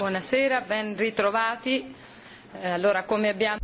Buonasera, ben ritrovati. Eh, allora, come abbiamo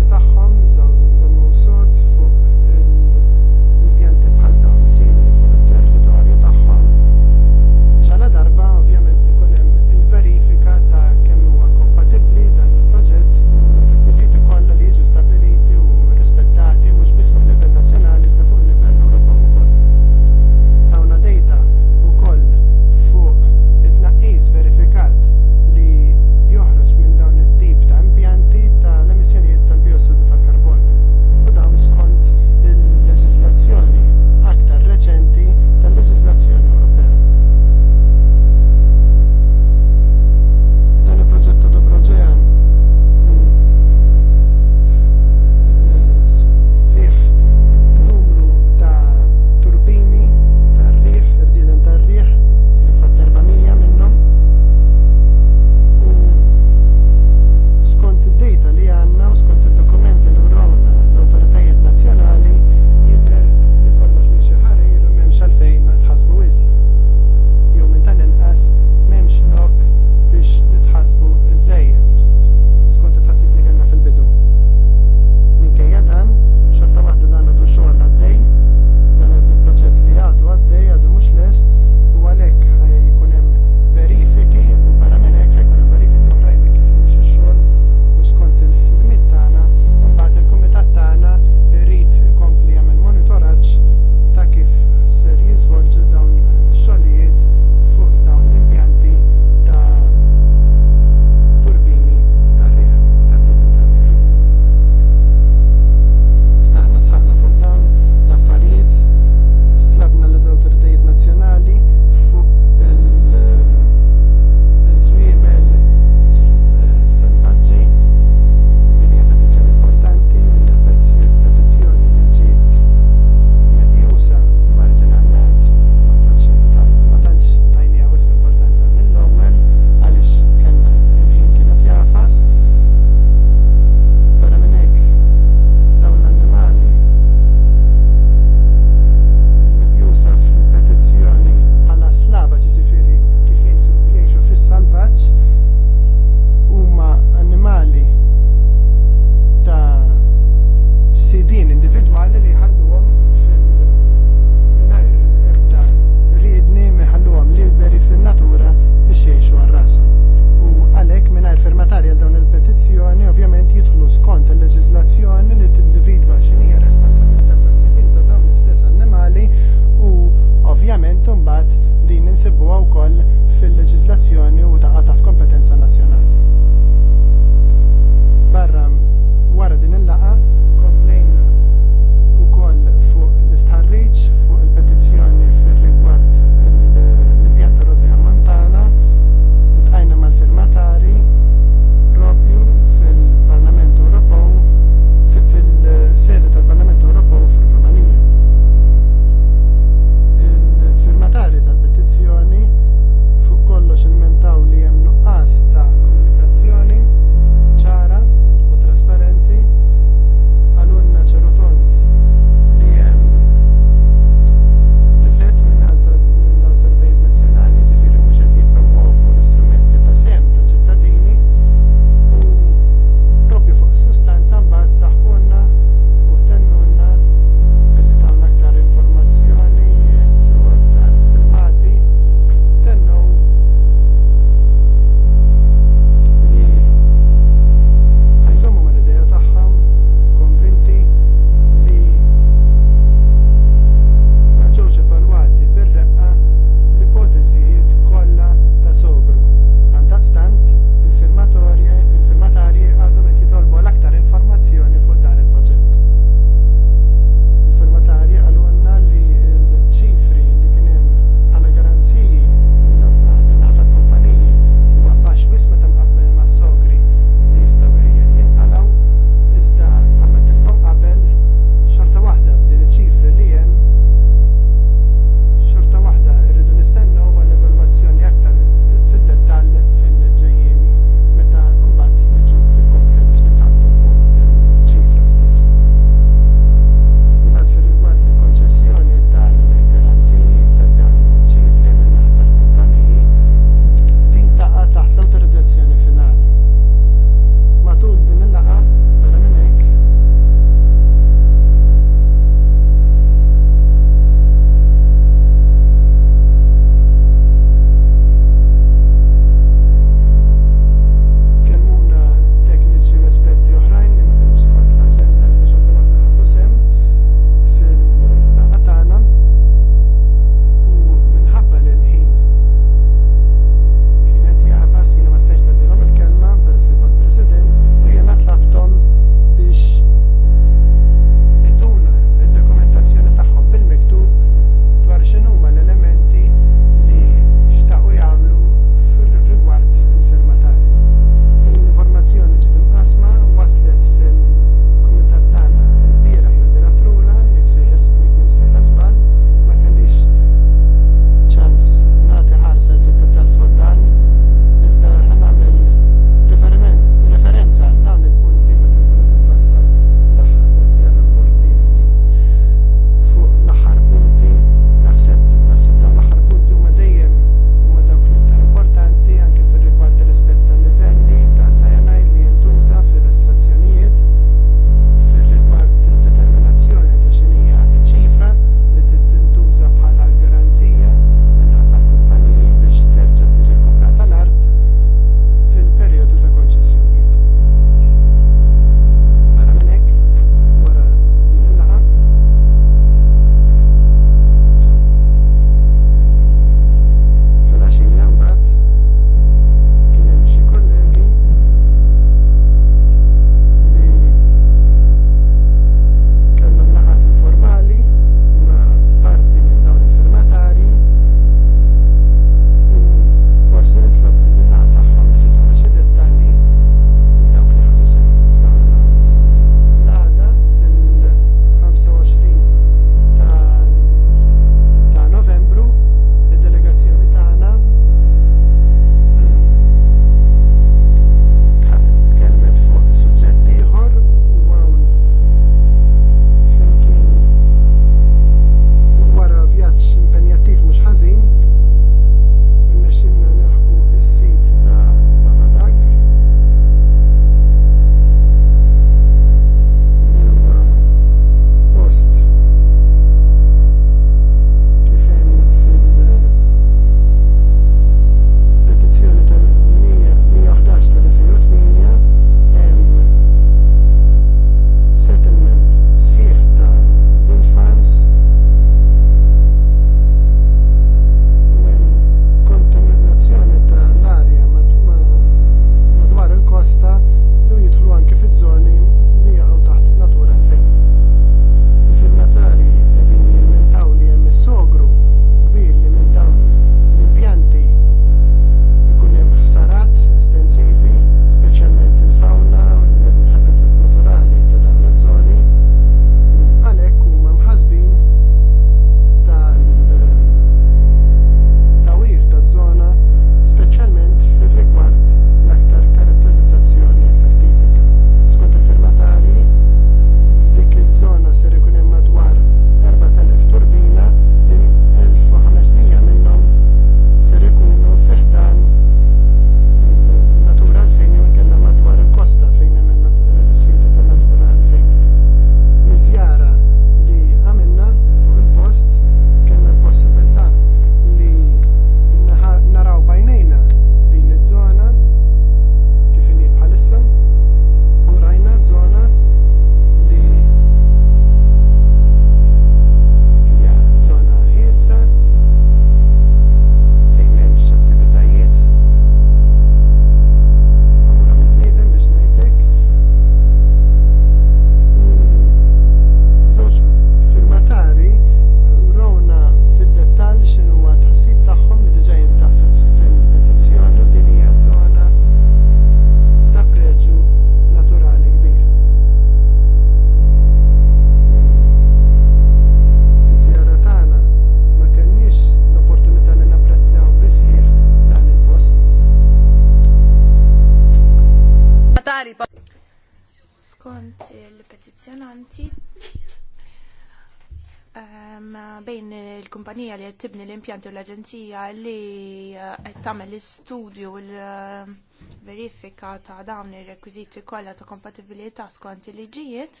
bejn il-kumpanija li qed tibni l-impjanti u l-aġenzija li eh, qed tagħmel l-istudju u l-verifika ta' dawn ir-rekwiżiti kollha ta' kompatibilità skont il-liġijiet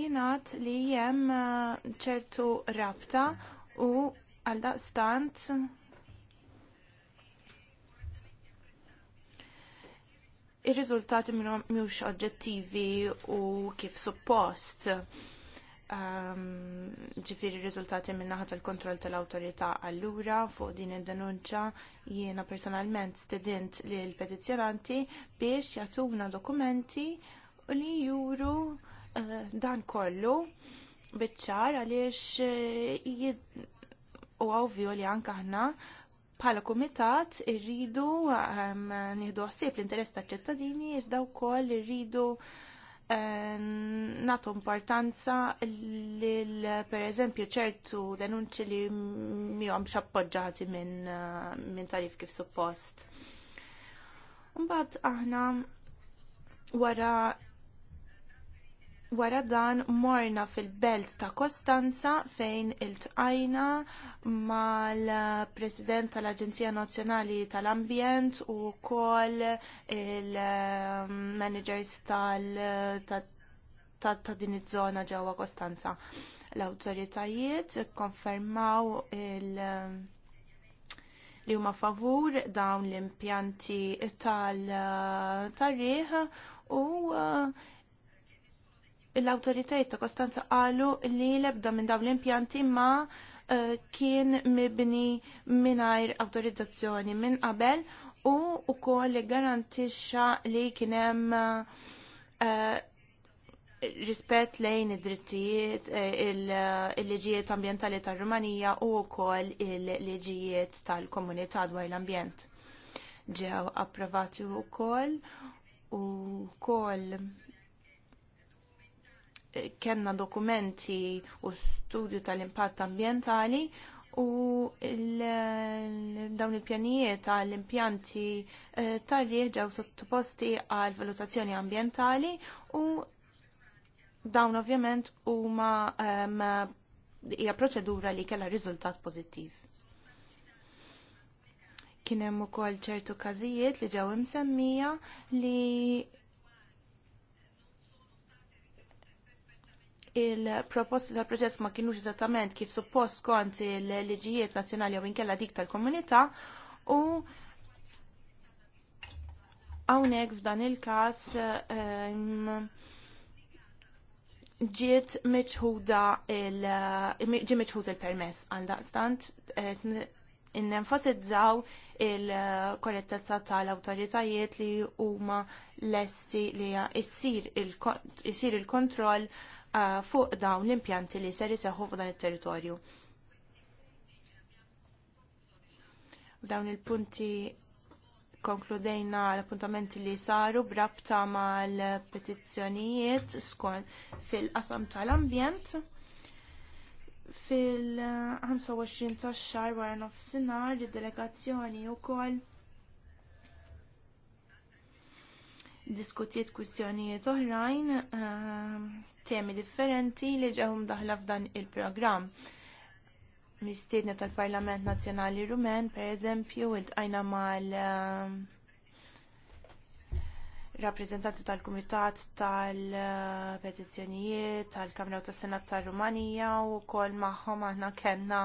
jingħad li hemm eh, ċertu rabta u għal daqstant ir-riżultati mhux oġġettivi u kif suppost. Ehm, ġifiri rizultati minnaħa tal-kontroll tal autorita allura fuq din id-denunċa jiena personalment stedint li l-petizjonanti biex jatuna dokumenti u li juru eh, dan kollu bitċar għaliex eh, u għawvju li anka ħna bħala kumitat irridu ehm, nieħdu ħsieb l-interess taċ-ċittadini iżda wkoll irridu Ehm, nato importanza lil per eżempju ċertu denunċi li miħom xappoġġati minn eh, min tarif kif suppost. Mbagħad aħna wara Wara dan morna fil-belt ta' Kostanza fejn iltqajna mal-President tal-Aġenzija Nazzjonali tal-Ambjent u wkoll il-managers ta' din iż-żona ġewwa Kostanza. L-awtoritajiet ikkonfermaw li huma favur dawn l-impjanti tal-tarriħ u uh, l-autoritajiet ta' Kostanza qalu li l-ebda minn dawn l-impjanti ma eh, kien mibni mingħajr awtorizzazzjoni minn qabel u wkoll li garantisċa li kien hemm uh, rispett lejn id-drittijiet eh, il-liġijiet ambjentali tar-Rumanija u wkoll il-liġijiet tal-komunità dwar l-ambjent. Ġew approvati kol u wkoll kena dokumenti u studju tal-impatt ambjentali u dawn il-pjanijiet għall-impjanti eh, tar-riħ ġew sottoposti għal valutazzjoni ambjentali u dawn ovvjament huma ehm, hija proċedura li kellha riżultat pożittiv. Kien hemm ukoll ċertu każijiet li ġew imsemmija li il-proposti tal-proġett ma kienux eżattament kif suppost kont il-liġijiet nazzjonali jew inkella dik tal-komunità u hawnhekk f'dan il-każ ehm, ġiet miċħuda il ġi meċħud il-permess għal daqstant innenfasizzaw il-korrettezza tal-awtoritajiet li huma lesti li jsir il-kontroll il kontroll Eh, fuq dawn l-impjanti li ser jiseħħu f'dan it-territorju. Dawn il-punti konkludejna l-appuntamenti li saru brabta mal petizzjonijiet skont fil-qasam tal-ambjent fil-25 tax xar wara nofsinhar id-delegazzjoni wkoll diskutiet kwistjonijiet oħrajn uh, temi differenti li ġew daħla f'dan il-programm. Mistiedna tal-Parlament Nazzjonali Rumen, pereżempju, iltqajna mal eh, rappresentanti tal-Kumitat tal-Petizzjonijiet, tal-Kamra u tas Senat tal-Rumanija u kol maħħom aħna kellna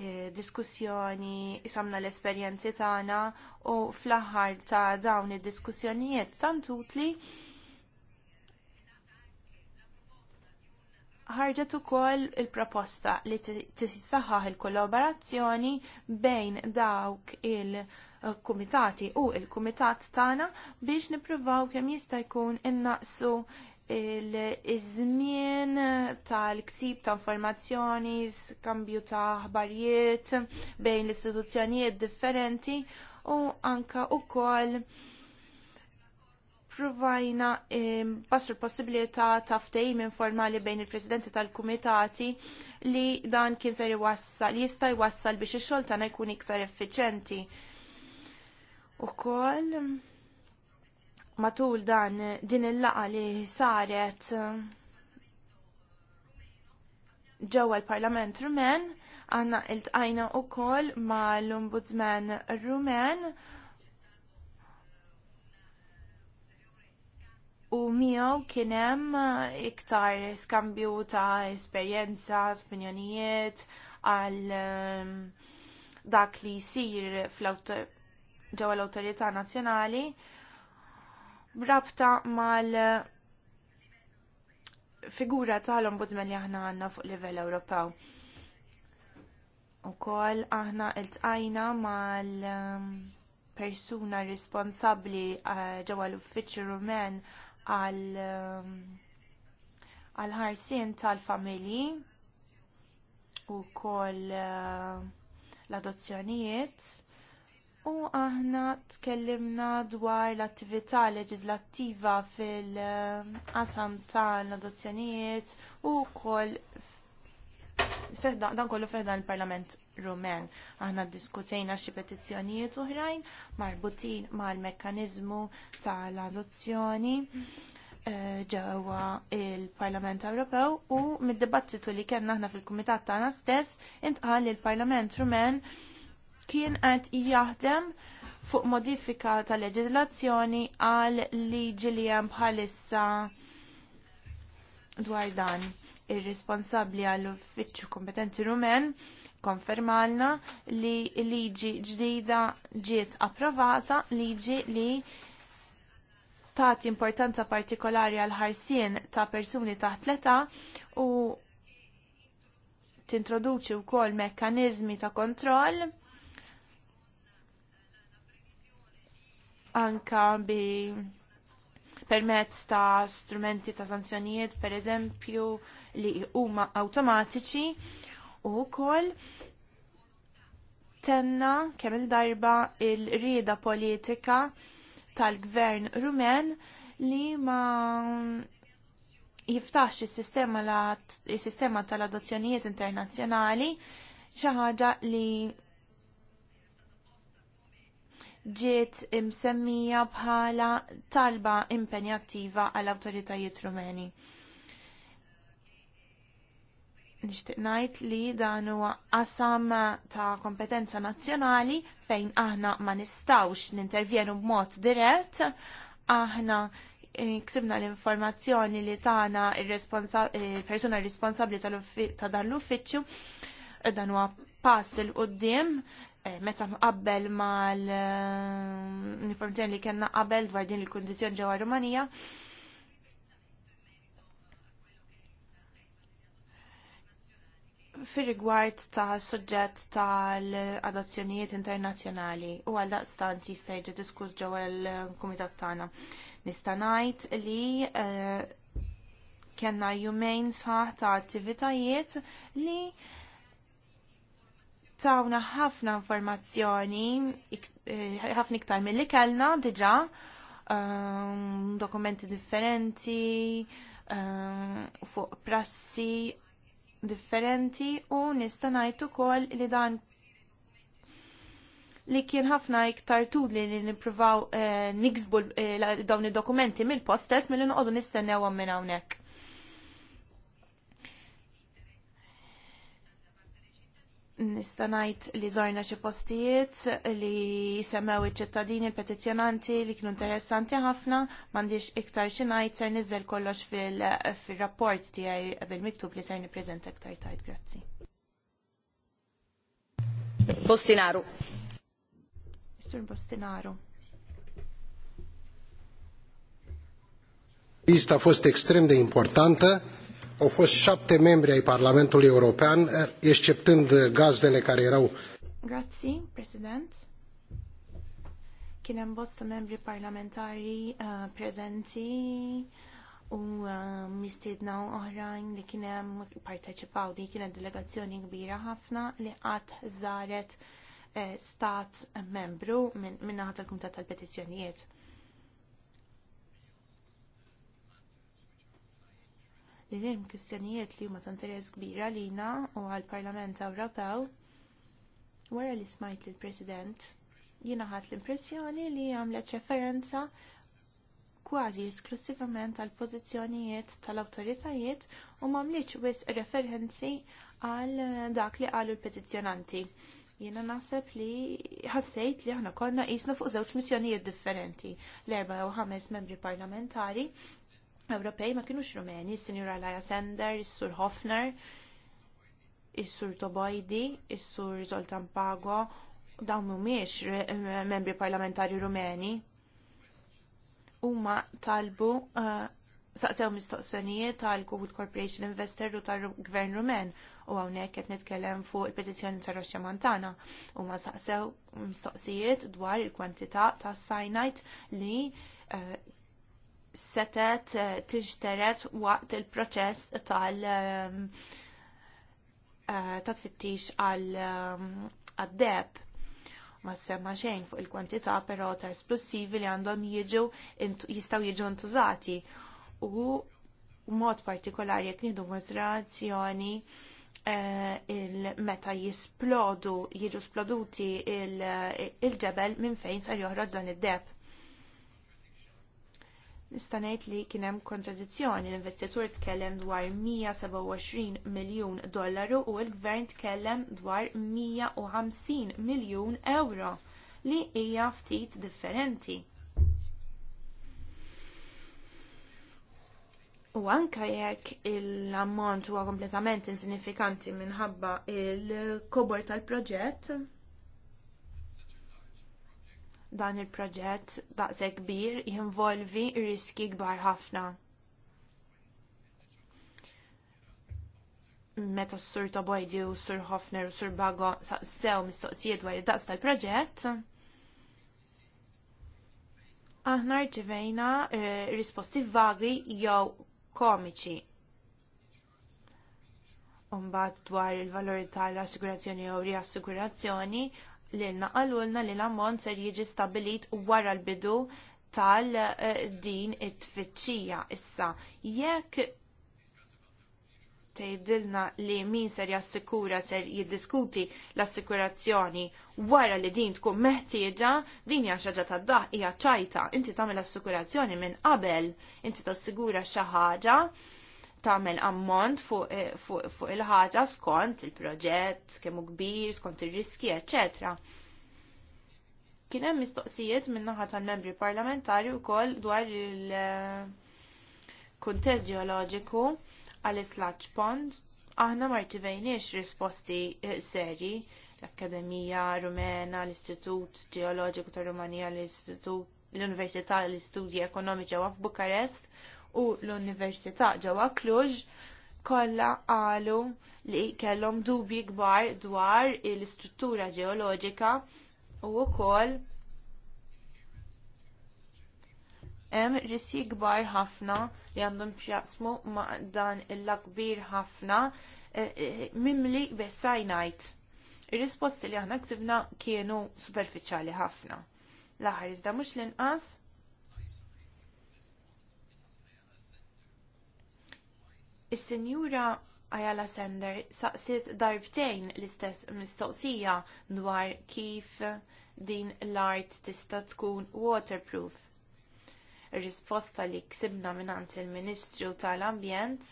eh, diskussjoni, samna l-esperjenzi tagħna u fl-aħħar ta' dawn id-diskussjonijiet tant utli ħarġet ukoll il-proposta li tisaħħaħ il-kollaborazzjoni bejn dawk il-kumitati u il-kumitat tagħna biex nippruvaw kemm jista' jkun innaqsu il-żmien tal-ksib ta' informazzjoni, skambju ta' ħbarijiet bejn l-istituzzjonijiet differenti u anka ukoll provajna ehm, passu l-possibilità ta' ftehim informali bejn il-presidenti tal-kumitati li dan kien ser li jista' jwassal biex ix-xogħol tagħna jkun iktar effiċenti. Ukoll matul dan din il-laqa li saret ġewwa l-Parlament Rumen għandna iltqajna wkoll mal-Ombudsman Rumen u miegħu kien hemm eh, iktar skambju ta' esperjenza, opinjonijiet għal ehm, dak li jsir ġewwa l-Awtorità Nazzjonali b'rabta mal eh, figura tal-ombudsman li aħna għandna fuq livell Ewropew. Ukoll aħna ltqajna mal ehm, persuna responsabbli eh, ġewwa l-uffiċċju Rumen Um, għal ħarsien tal-familji u koll uh, l-adozzjonijiet u aħna tkellimna dwar l-attività leġislattiva fil-qasam uh, tal-adozzjonijiet u koll dan kollu feħda il parlament Rumen. Aħna diskutejna xi petizzjonijiet oħrajn marbutin mal-mekkaniżmu tal-adozzjoni eh, ġewwa il-Parlament Ewropew u mid-dibattitu li kellna aħna fil-kumitat tagħna stess intqal li l-Parlament Rumen kien qed jaħdem fuq modifika tal-leġiżlazzjoni għal liġi li hemm bħalissa dwar dan ir-responsabbli għall-uffiċċju kompetenti rumen konfermalna li liġi ġdida ġiet approvata liġi li tagħti importanza partikolari għal ħarsien ta' persuni taħt l-età u tintroduċi wkoll mekkaniżmi ta' kontroll anka bi permezz ta' strumenti ta' sanzjonijiet, per eżempju, li huma awtomatiċi u wkoll tenna kemm il-darba il-rieda politika tal-gvern rumen li ma jiftax is-sistema tal-adozzjonijiet internazzjonali xi ħaġa li ġiet imsemmija bħala talba impenjattiva għall awtoritajiet rumeni nixtieq ngħid li dan huwa qasam ta' kompetenza nazzjonali fejn aħna ma nistawx nintervjenu b'mod dirett, aħna eh, ksibna l-informazzjoni li tagħna il-persuna responsabbli ta' dan l-uffiċċju dan huwa pass il qudiem eh, meta mqabbel mal eh, l-informazzjoni li kellna qabel dwar din il-kundizzjoni ġewwa Rumanija fir rigward ta' suġġett tal-adozzjonijiet internazzjonali u għal daqstant jista' jiġi diskuss ġewwa l-kumitat tagħna. Nista' ngħid li eh, kellna jumejn sħaħ ta' attivitajiet li tawna ħafna informazzjoni, eh, ħafna iktar mill-li kellna diġa, eh, dokumenti differenti, um, fuq prassi differenti u nista' ngħid ukoll li dan li kien ħafna iktar tuli li nippruvaw eh, niksbu eh, dawn id-dokumenti mill-post stess milli noqogħdu nistennewhom minn hawnhekk. nista' ngħid li żorna xi postijiet li semmew iċ-ċittadini l-petizzjonanti li kienu interessanti ħafna, m'għandix iktar xi ngħid ser niżel kollox fir-rapport tiegħi bil-miktub li ser nippreżenta iktar tard, grazzi. Bostinaru. Mr. Postinaru. Lista fost extrem de importantă U fost șapte membri ai Parlamentului European, exceptând gazdele care erau. Grazie, President. Kien hemm bosta membri parlamentari uh, prezenti u uh, mistiedna oħrajn li kien hemm parteċipaw di kienet delegazzjoni kbira ħafna li qatt żaret eh, stat membru minn min naħat tal-Kumitat tal-Petizzjonijiet. li hemm kwistjonijiet li huma ta' interess kbir għalina u għall-Parlament Ewropew wara li smajt lill president jiena ħadt l-impressjoni li għamlet referenza kważi esklusivament għall pożizzjonijiet tal-awtoritajiet u m'għamlitx wisq referenzi għal dak li qalu l-petizzjonanti. Jiena naħseb li ħassejt li aħna konna qisna fuq żewġ missjonijiet differenti l-erba' jew ħames membri parlamentari Ewropej ma kienux Rumeni, Sinjur Alaja Sender, Is-Sur Hofner, Is-Sur Tobojdi, Is-Sur Zoltan Pago, dawn mhumiex eh, membri parlamentari Rumeni. Huma talbu eh, saqsew mistoqsenijiet tal-Google Corporation Investor u tal-Gvern Rumen u hawnhekk qed nitkellem fuq il-petizzjoni ta' Roxja Montana u ma saqsew mistoqsijiet dwar il-kwantità ta' sajnajt li eh, setet eh, tiġteret waqt il-proċess tal ehm, eh, ta' tfittix għal ehm, għaddeb. Ma semma xejn fuq il-kwantità però ta' esplosivi li għandhom jiġu jistaw jiġu ntużati u mod partikolari jekk nieħdu konsiderazzjoni eh, il-meta jisplodu, jiġu sploduti il-ġebel minn fejn sar joħroġ dan id-deb Nista' ngħid li kien hemm kontradizzjoni. L-investitur tkellem dwar 127 miljun dollaru u l-gvern tkellem dwar 150 miljun euro li hija ftit differenti. U anke jekk l-ammont huwa kompletament insinifikanti minħabba l kobor tal-proġett, Dan il-proġett daqshekk kbir jinvolvi riski kbar ħafna. Meta s-sur Tobojdi u s-sur Hofner u s-sur Bago saqsew mistoqsijiet dwar id-daqs tal-proġett, aħna rċivejna eh, risposti vagi jew komiċi Umbat dwar il-valori tal-assigurazzjoni jew riassigurazzjoni, lilna qalulna li l-ammont ser jiġi stabilit wara l-bidu tal eh, din it-tfittxija issa. Jekk tgħidilna li min ser jassikura ser jiddiskuti l-assikurazzjoni wara li din tkun meħtieġa, din hija xaġa ta' daħ hija ċajta, inti tagħmel assikurazzjoni minn qabel, inti tassigura xi ħaġa tagħmel ammont fuq fu, eh, fu il-ħaġa skont il-proġett, kemm hu kbir, skont ir-riski, eċċetera. Kien hemm mistoqsijiet min naħa tal-membri parlamentari wkoll dwar il-kuntest eh, ġeoloġiku għal Slatch pond. Aħna ma rċivejniex risposti eh, seri l-Akkademija Rumena, l-Istitut Ġeoloġiku tar Rumanija, l-Istitut l-Università l-Istudji Ekonomiċi wa f'Bukarest u l-Università ġewwa Kluġ kollha qalu li kellhom dubji kbar dwar l-istruttura ġeoloġika u wkoll hemm risi kbar ħafna li għandhom x'jaqsmu ma' dan il-lakbir ħafna eh, eh, mimli bessajnajt. Ir-risposti li aħna ktibna kienu superfiċjali ħafna. L-aħħar iżda mhux l-inqas Is-Sinjura Ayala Sender saqsiet darbtejn l-istess mistoqsija dwar kif din l-art tista' tkun waterproof. Ir-risposta li ksibna mingħand il-Ministru tal-Ambjent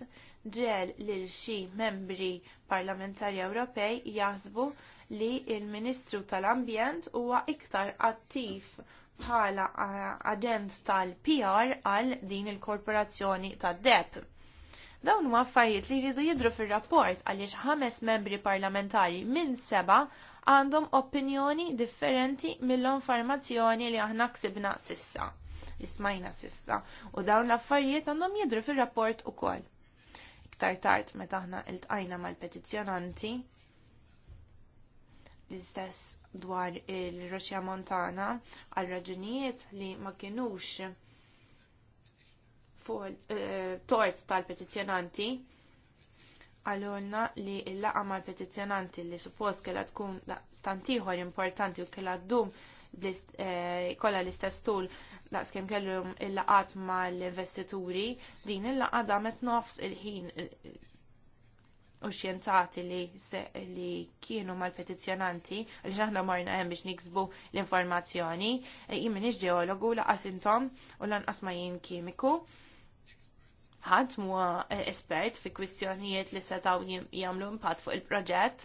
ġiel lil xi membri parlamentari Ewropej jaħsbu li l ministru tal-Ambjent huwa iktar attiv bħala aġent tal-PR għal din il-korporazzjoni tad-DEP Dawn huma affarijiet li jridu jidru fir-rapport għaliex ħames membri parlamentari minn seba għandhom opinjoni differenti mill-informazzjoni li aħna ksibna sissa, Ismajna sissa, u dawn l-affarijiet għandhom jidru fir-rapport ukoll. Iktar tard meta aħna iltqajna mal-petizzjonanti, l-istess dwar il-Roċja Montana għal raġunijiet li ma kienux fuq eh, tort tal-petizjonanti għallurna li il-laqa mal petizjonanti li suppost kella tkun stantiħor importanti u kella d-dum eh, kolla l-istess tul daqs kellu kellum il-laqat mal-investituri din il-laqa damet nofs il-ħin eh, u xjentati li, kienu mal-petizjonanti li xaħna marna hemm biex niksbu l-informazzjoni jimmin ġeologu laqas intom u lanqas ma jien kimiku ħadd huwa eh, espert fi kwistjonijiet li setgħu jagħmlu impatt fuq il-proġett.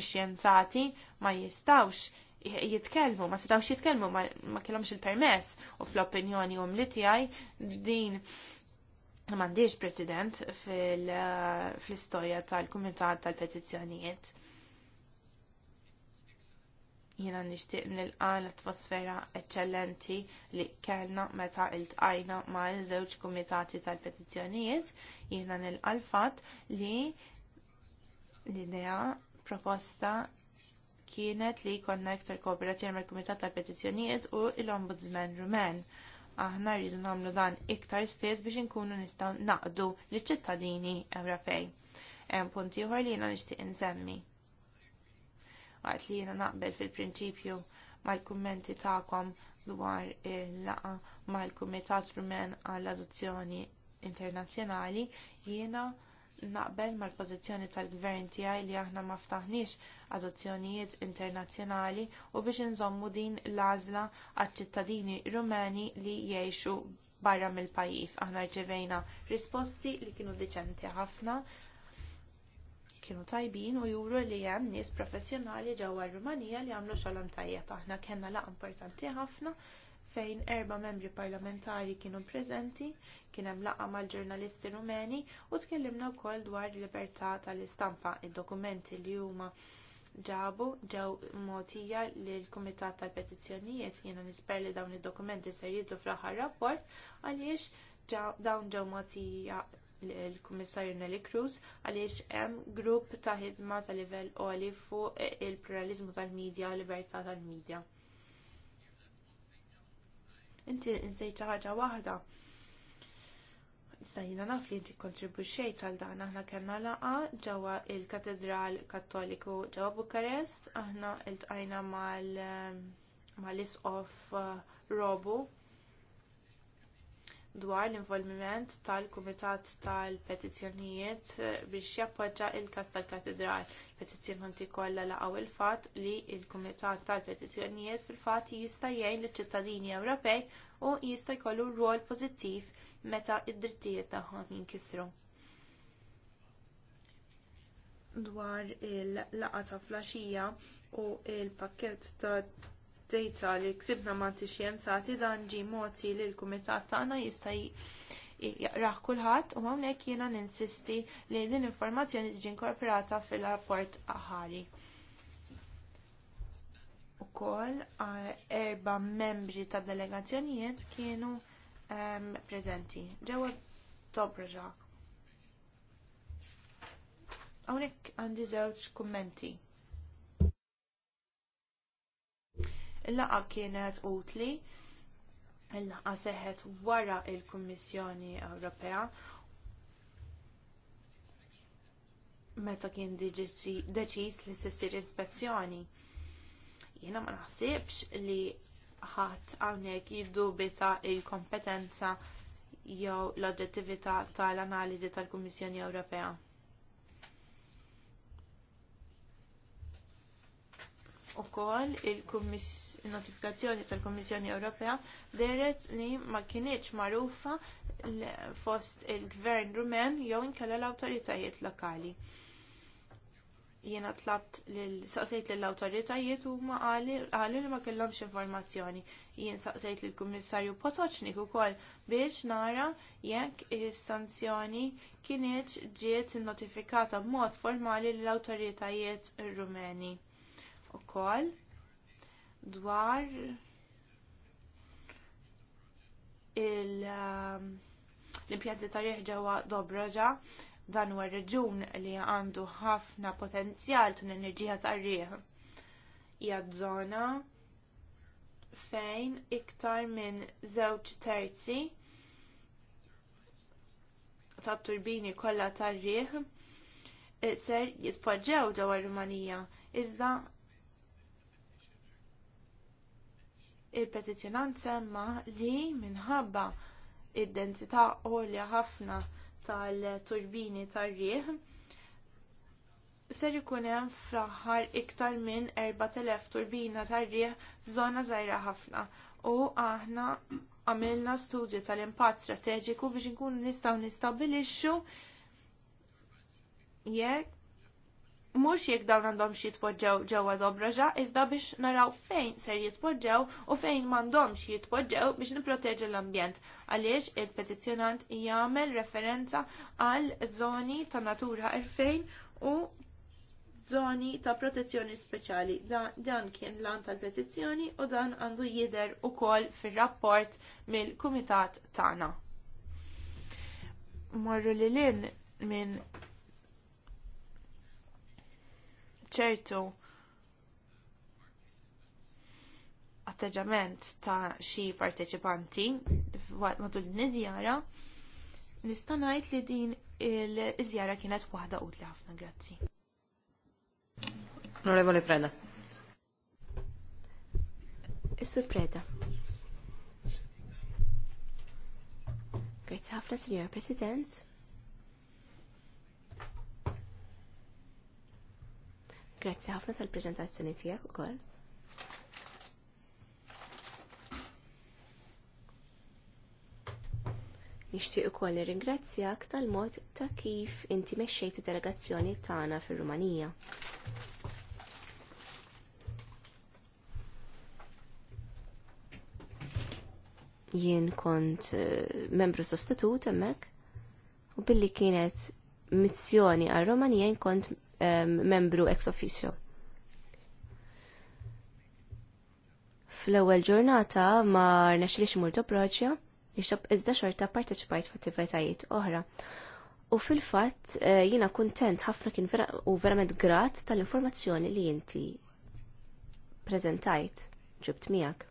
Ix-xjenzati ma jistawx jitkellmu, ma setgħux jitkellmu, ma kellhomx il-permess u fl-opinjoni hum li tiegħi din m'għandix President fil-istorja tal-Kumitat tal-Petizzjonijiet. Jiena nixtieq nilqa l-atmosfera eċċellenti li kellna meta iltqajna ma' żewġ kumitati tal-petizzjonijiet, jiena nilqa l-fatt li l-idea proposta kienet li jkollna iktar kooperazzjoni mal kumitat tal-petizzjonijiet u l-Ombudsman Rumen. Aħna rridu nagħmlu dan iktar spiss biex inkunu nistgħu naqdu liċ ċittadini Ewropej. Hemm punti ieħor li jiena nixtieq insemmi għat li jiena naqbel fil-prinċipju mal-kummenti tagħkom dwar il laqgħa mal-Kumitat Rumen għall-Adozzjoni Internazzjonali jiena naqbel mal-pożizzjoni tal-gvern tiegħi li aħna ma ftaħniex adozzjonijiet internazzjonali u biex inżommu din l-għażla għaċ-ċittadini rumeni li jgħixu barra mill-pajjiż. Aħna rċevejna risposti li kienu diċenti ħafna kienu tajbin u juru li hemm nies professjonali ġewwa r-Rumanija li għamlu xogħolhom tajjeb. Aħna kellna laqgħa importanti ħafna fejn erba' membri parlamentari kienu preżenti, kien hemm laqgħa mal-ġurnalisti rumeni u tkellimna wkoll dwar libertà tal-istampa id-dokumenti li huma ġabu ġew mogħtija lill kumitat tal-Petizzjonijiet jiena nisper li dawn id-dokumenti se jiddu fl-aħħar rapport għaliex dawn ġew mogħtija l-Kummissarju Nelly Cruz għaliex hemm grupp ta' ħidma ta' livell għali fuq il-pluralizmu tal-medja u l-libertà tal-medja. Inti nsejt xi ħaġa waħda. Issa jiena naf li inti kontribwixxejt għal dan aħna kellna laqgħa ġewwa l katedral Kattoliku ġewwa Bukarest, aħna iltqajna mal eh, mal-isqof eh, Robu dwar l-involviment tal-Kumitat tal-Petizzjonijiet eh, biex jappoġġa l każ tal-Katedral. Petizzjonanti kollha laqgħu il-fatt li l kumitat tal-Petizzjonijiet fil-fatt jista' jgħin liċ-ċittadini Ewropej u jista' jkollu rwol pożittiv meta id-drittijiet tagħhom jinkisru. Dwar il laqgħa ta' flaxija u l-pakkett ta' data li ksibna manti xjenzati dan ġie moti li l-kumitat tagħna jista' jaqrah kulħadd u hawnhekk jiena ninsisti li din l informazzjoni tiġi inkorporata fil-rapport aħari. Ukoll erba membri tad delegazzjonijiet kienu um, preżenti ġewwa Dobroġa. Hawnhekk għandi żewġ kummenti il laqgħa kienet utli, il laqgħa seħet wara l kummissjoni Ewropea meta kien deċiż li s-sir ispezzjoni. Jiena ma naħsibx li ħadd hawnhekk jiddubita l kompetenza jew l-oġġettività tal-analiżi tal-Kummissjoni Ewropea ukoll il-notifikazzjoni tal-Kummissjoni Ewropea deret li ma kienieċ magħrufa fost il-Gvern Rumen jew inkella l-awtoritajiet lokali. Jiena tlabt saqsejt lill-awtoritajiet u ma qalu li ma kellhomx informazzjoni. Jien saqsejt lill-Kummissarju Potoċnik ukoll biex nara jekk is-sanzjoni kienieċ ġiet notifikata b'mod formali lill-awtoritajiet rumeni ukoll dwar um, l-impjanti tarieħ ġewwa Dobraġa dan huwa reġun li għandu ħafna potenzjal tun enerġija tarieħ. Hija żona fejn iktar minn żewġ terzi ta' turbini kollha tarieħ ser jitpoġġew ġewwa Rumanija iżda Il-petizjonant semma li minħabba id-densità għolja ħafna tal-turbini tar-rieħ ser ikun hemm fl-aħħar iktar minn 4000 turbina tar-rieħ f'żona żgħira ħafna u aħna għamilna studju tal-impatt strateġiku biex nkunu nistgħu nistabilixxu jekk mhux jekk dawn għandhom xi jitpoġġew ġewwa Dobraġa, iżda biex naraw fejn ser jitpoġġew u fejn m'għandhomx jitpoġġew biex nipproteġu l-ambjent. Għaliex il-petizzjonant jagħmel referenza għal żoni ta' natura erfejn u zoni ta' protezzjoni speċjali. Dan, kien kien lan tal-petizzjoni u dan għandu jidher ukoll fir-rapport mill-kumitat tagħna. Marru li lin minn ċertu atteġġament ta' xi parteċipanti matul din iż-żjara, nista' ngħid li din il-żjara kienet waħda utli ħafna grazzi. Onorevole Preda. Is-Sur Preda. Grazzi ħafna, Signor President. Grazzi ħafna tal-prezentazzjoni tiegħek ukoll. Nixtieq ukoll nirringrazzjak tal-mod ta' kif inti mexxejt id-delegazzjoni tagħna fir-Rumanija. Jien kont eh, membru sostitut hemmhekk u billi kienet missjoni għal Romanija jien kont membru ex officio. Fl-ewwel ġurnata ma rnexlix mur proċja, ixtob iżda xorta parteċipajt f'attivitajiet oħra. U fil-fatt eh, jiena kuntent ħafna kien u verament grat tal-informazzjoni li inti prezentajt, ġibt miegħek.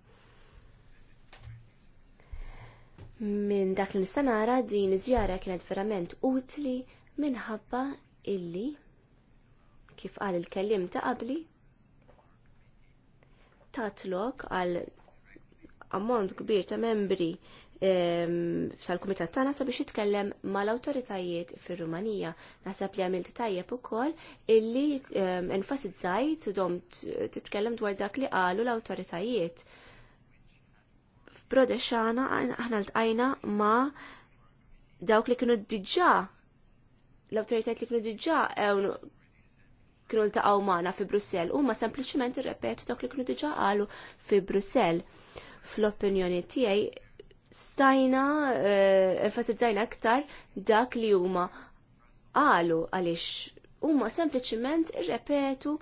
Minn dak li nistanara din iż-żjara kienet verament utli minħabba illi kif qal il-kellim ta' qabli tatlok għal ammont kbir ta' membri tal-Kumitat tagħna sabiex jitkellem mal-awtoritajiet fir-Rumanija. Naħseb li għamilt tajjeb ukoll illi enfasizzajt dom titkellem dwar dak li qalu l-awtoritajiet. għana aħna ltqajna ma' dawk li kienu diġà l-awtoritajiet li kienu diġà kienu l-taqaw fi Brussel u ma sempliciment irrepetu dak li kienu diġa għalu fi Brussel. Fl-opinjoni tijaj, stajna, eh, enfasizzajna aktar dak li huma għalu għalix huma sempliciment irrepetu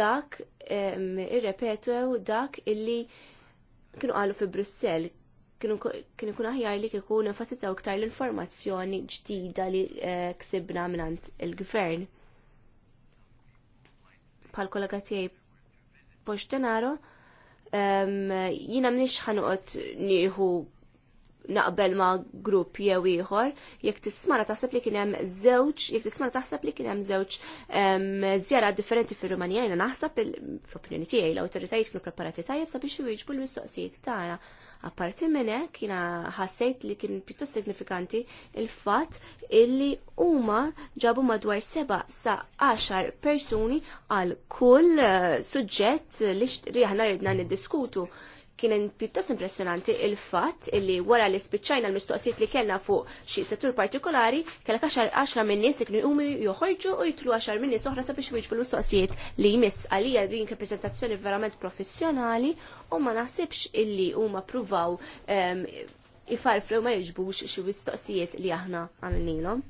dak irrepetu dak illi kienu għalu fi Brussel Kienu ikun aħjar li kikun enfasizzaw iktar l-informazzjoni ġdida li eh, ksibna minant il-gvern bħal kollega tiegħi Poxtenaro, jina mnix ħanuqot nieħu naqbel ma' grupp jew ieħor, jekk tismara taħseb li kien hemm żewġ, jekk tismara taħseb li kien hemm żewġ żjara differenti fir-Rumanija jiena naħseb fl-opinjoni tiegħi l-awtoritajiet kienu preparati tajjeb sabiex iwieġbu l-mistoqsijiet tagħna. Apparti minn hekk jiena ħassejt li kien pjuttost signifikanti il-fatt illi huma ġabu madwar seba' sa 10 persuni għal kull eh, suġġett li aħna ridna niddiskutu. Kienen pjuttost impressjonanti il-fatt illi wara li spiċċajna l-mistoqsijiet li kellna fuq xi settur partikolari, kellek għaxar 10 minn nies li kienu jqumu joħorġu u jitlu 10 minn nies oħra sabiex wieġbu l-mistoqsijiet li jmiss għalija din rappreżentazzjoni verament professjonali u ma naħsibx illi huma pruvaw ehm, ifarfru ma jiġbux xi mistoqsijiet li aħna għamilnilhom.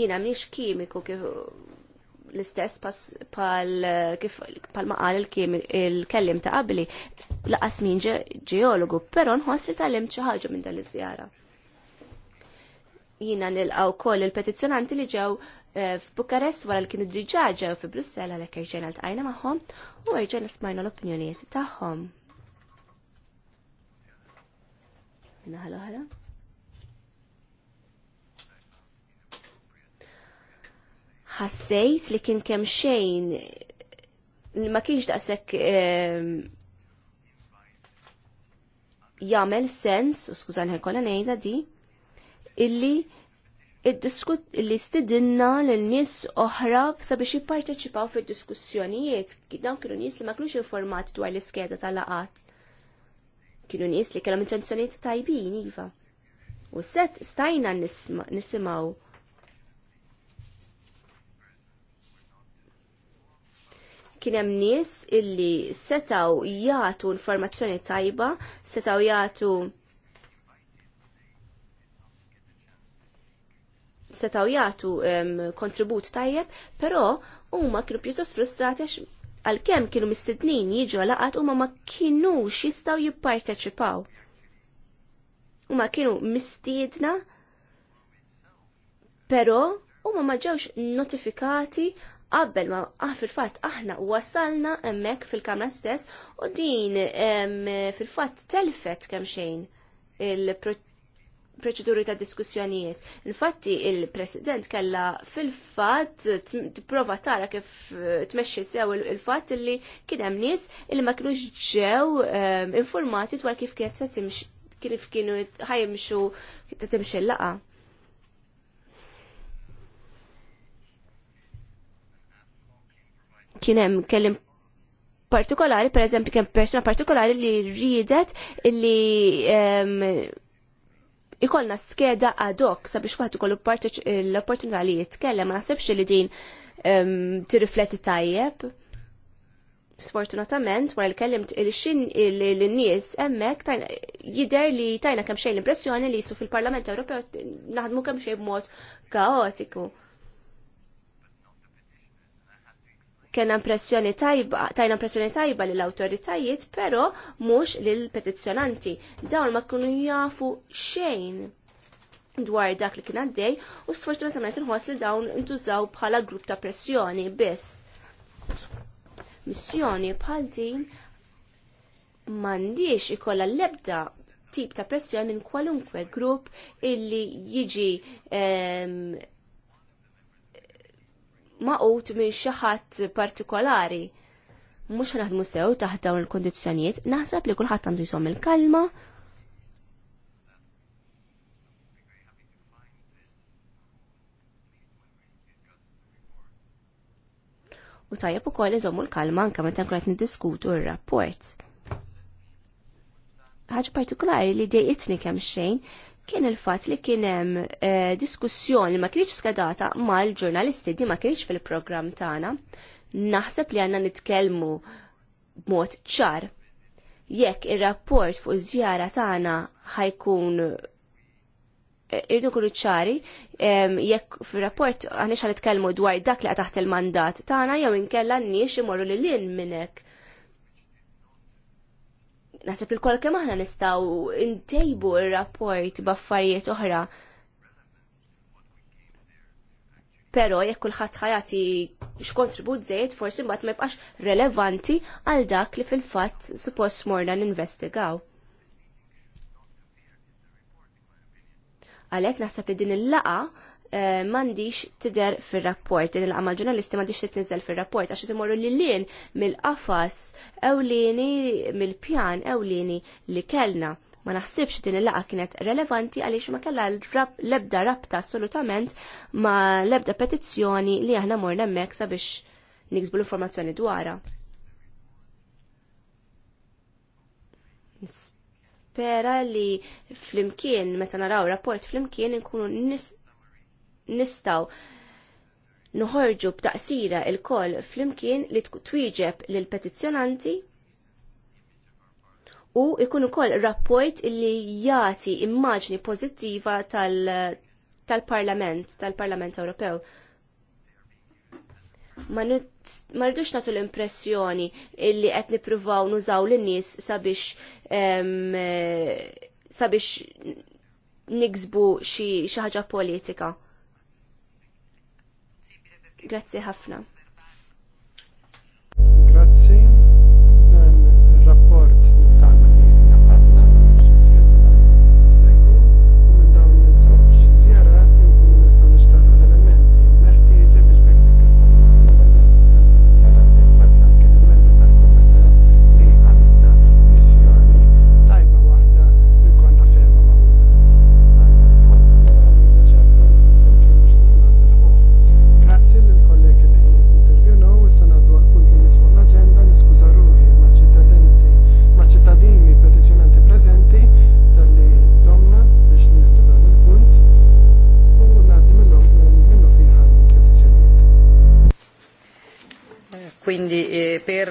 Jiena mhix kimiku kif l-istess pal maqal il-kellim ta' qabli laqas min ġeologu, pero nħoss li tal-lim ċaħġu minn dan iż-żjara. nil-għaw koll il-petizjonanti li ġew eh, f'Bukarest wara li kienu diġà ġew fi Brussell għalhekk għal ltqajna magħhom u rġena smajna l-opinjonijiet tagħhom. Minna ħala. ħassejt li kien kemm xejn ma kienx daqshekk ehm, jagħmel sens, u skużani ħekolla ngħidha di, illi id-diskut li stidinna l-nies oħra sabiex jipparteċipaw fid-diskussjonijiet. Dawn kienu nies li ma kienux informati dwar l-iskeda tal-laqat. Kienu nies li kellhom intenzjonijiet tajbin iva. U set stajna nisimgħu kien hemm nies illi setaw jagħtu informazzjoni tajba, setaw jagħtu setaw jagħtu kontribut tajjeb, però huma kienu pjuttost frustrati għalkemm kienu mistednin jiġu laqat huma ma kinux jistgħu jipparteċipaw. Huma kienu mistiedna, però huma ma ġewx notifikati qabel ma għaf ah, fil-fatt aħna wasalna hemmhekk fil-kamra stess u din fil-fatt telfet kemm xejn il-proċeduri ta' diskussjonijiet. Infatti il-President kella fil-fatt prova tara kif eh, tmexxi sew il-fatt li kienem hemm nies li ma kinux ġew informati dwar kif kienet kif kienu ħajmxu ta' timxi laqa. kien hemm kellim partikolari, per eżempju, kien persona partikolari li rridet li ikolna skeda ad hoc sabiex kwaħt ikollu l-opportunità li jitkellem, ma nasibx li din tirrifletti tajjeb. Sfortunatament, wara l-kellim il-xin l-nies emmek jider li tajna kemm xejn l-impressjoni li jisu fil-Parlament Ewropew naħdmu kemm xejn b'mod kaotiku. Kena impressjoni tajba, tajna impressjoni tajba l-autoritajiet, pero mux l-petizjonanti. Dawn ma kunu jafu xejn dwar dak li kien għaddej u sfortunatament nħoss li dawn intużaw bħala grupp ta' pressjoni biss. Missjoni bħal din mandiex ikolla l-ebda tip ta' pressjoni minn kwalunkwe grupp illi jiġi ehm, maqut minn xi ħadd partikolari. Mhux naħdmu sew taħt dawn il-kondizzjonijiet, naħseb li kulħadd għandu jsom il-kalma. U tajjeb ukoll iżommu l-kalma anke meta nkun qed niddiskutu r-rapport. Ħaġa partikolari li dejqitni kemm xejn kien il-fat li kien hemm eh, diskussjoni li ma kienx skedata mal-ġurnalisti di ma kienx fil-programm tagħna. Naħseb li għandna nitkellmu b'mod ċar. Jekk ir-rapport fuq żjara tagħna ħajkun eh, irridu kunu ċari, jekk fil-rapport għanix għan nitkellmu dwar dak li taħt il-mandat tagħna jew inkella nniex imorru li lin minnek Nasib il-kol kem aħna nistaw intejbu il-rapport baffarijiet oħra. Pero jekk kulħadd ħajati x'kontribut żejt forsi mbagħad ma jibqax relevanti għal dak li fil-fatt suppost morna ninvestigaw. Għalhekk naħseb li din il-laqa' Eh, mandiċ tider fil-rapport, il għamal ġurnalisti mandiċ t-tnizzel fil-rapport, għax timorru li l-lin mill-qafas ewlini, mill-pjan ewlini li kellna. Ma naħsibx din il-laqa kienet relevanti għaliex ma kellha l-ebda rabta assolutament ma l-ebda petizzjoni li aħna morna hemmhekk sabiex niksbu l-informazzjoni dwarha. Nispera li flimkien meta naraw rapport flimkien inkunu nis nistaw nħorġu b'taqsira il-koll flimkien li twieġeb lil petizzjonanti u ikun ukoll rapport li jagħti immaġni pożittiva tal-Parlament, tal tal-Parlament Ewropew. Ma rridux nagħtu l-impressjoni li qed nippruvaw nużaw lin-nies sabiex sabiex niksbu xi ħaġa politika. Grazzi ħafna.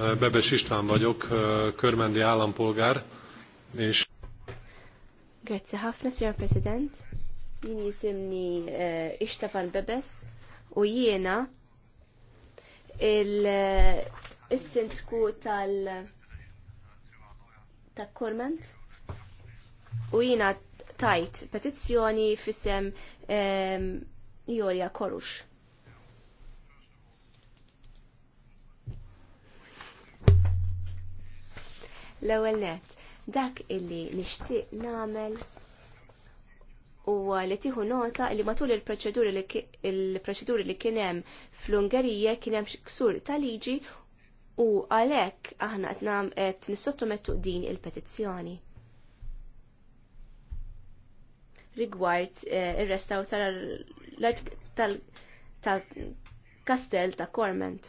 Bebes István vagyok, körmendi állampolgár, és... Grazie ħafna, Sr. President. Jien jisimni uh, Bebes u jiena il-sintku tal- ta' Korment u jiena tajt petizzjoni fissem um, Jorja Korux. L-ewwel nett, dak illi nixtieq nagħmel u li tieħu nota li matul il-proċeduri li kien hemm fl-Ungerija kien hemm ksur ta' liġi u għalhekk aħna qed qed nissottomettu din il-petizzjoni. Rigward ir-restaw tal-kastell ta' Korment.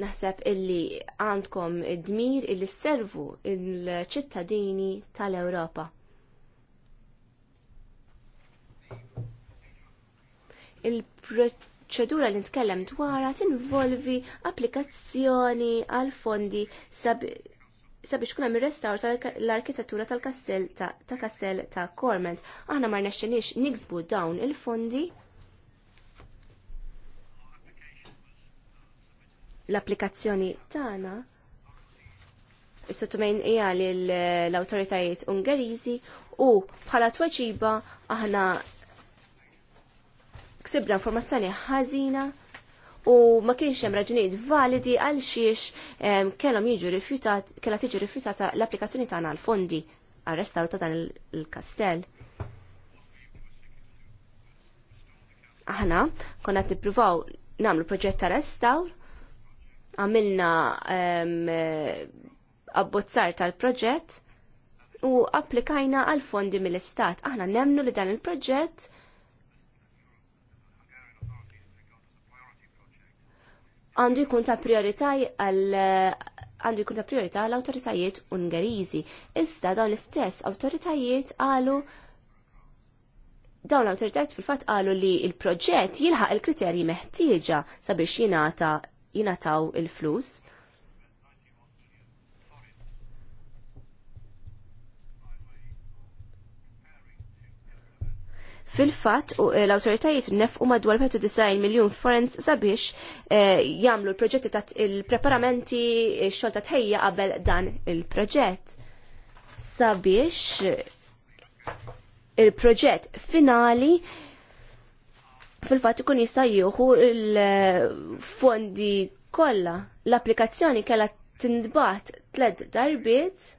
Naħseb illi għandkom id-dmir illi servu il-ċittadini tal-Ewropa. Il-proċedura li nitkellem dwarha tinvolvi applikazzjoni għal fondi sabiex kuna mir restaw l-arkitettura tal-kastell ta' kastell ta' Cormant. Aħna ma rnexxinix niksbu dawn il-fondi l-applikazzjoni tagħna sottomejn hija l-awtoritajiet Ungeriżi u bħala tweġiba aħna ksibna informazzjoni ħażina u ma kienx hemm raġunijiet validi għal xiex kellhom jiġu rifjutat kellha tiġi rifjutata l-applikazzjoni tagħna għall fondi għar-restaw ta' dan il-kastell. Aħna konna nippruvaw nagħmlu proġett ta' restaw għamilna abbozzar tal-proġett u applikajna għal fondi mill-istat. Aħna nemnu li dan il-proġett għandu jkun ta' priorità għal għandu jkun ta' priorità għal awtoritajiet Ungeriżi. Iżda dawn l-istess awtoritajiet għalu dawn l-awtoritajiet fil-fatt għalu li il-proġett jilħaq il-kriterji meħtieġa sabiex jingħata jinataw il-flus. Fil-fat, eh, l-autoritajiet nefqu madwar 91 miljon forint sabiex eh, jagħmlu l-proġetti ta' il-preparamenti xogħol ta' tħejja qabel dan il-proġett. Sabiex eh, il-proġett finali fil-fatt ikun jista' jieħu l fondi kollha. L-applikazzjoni kellha tindbat tled darbiet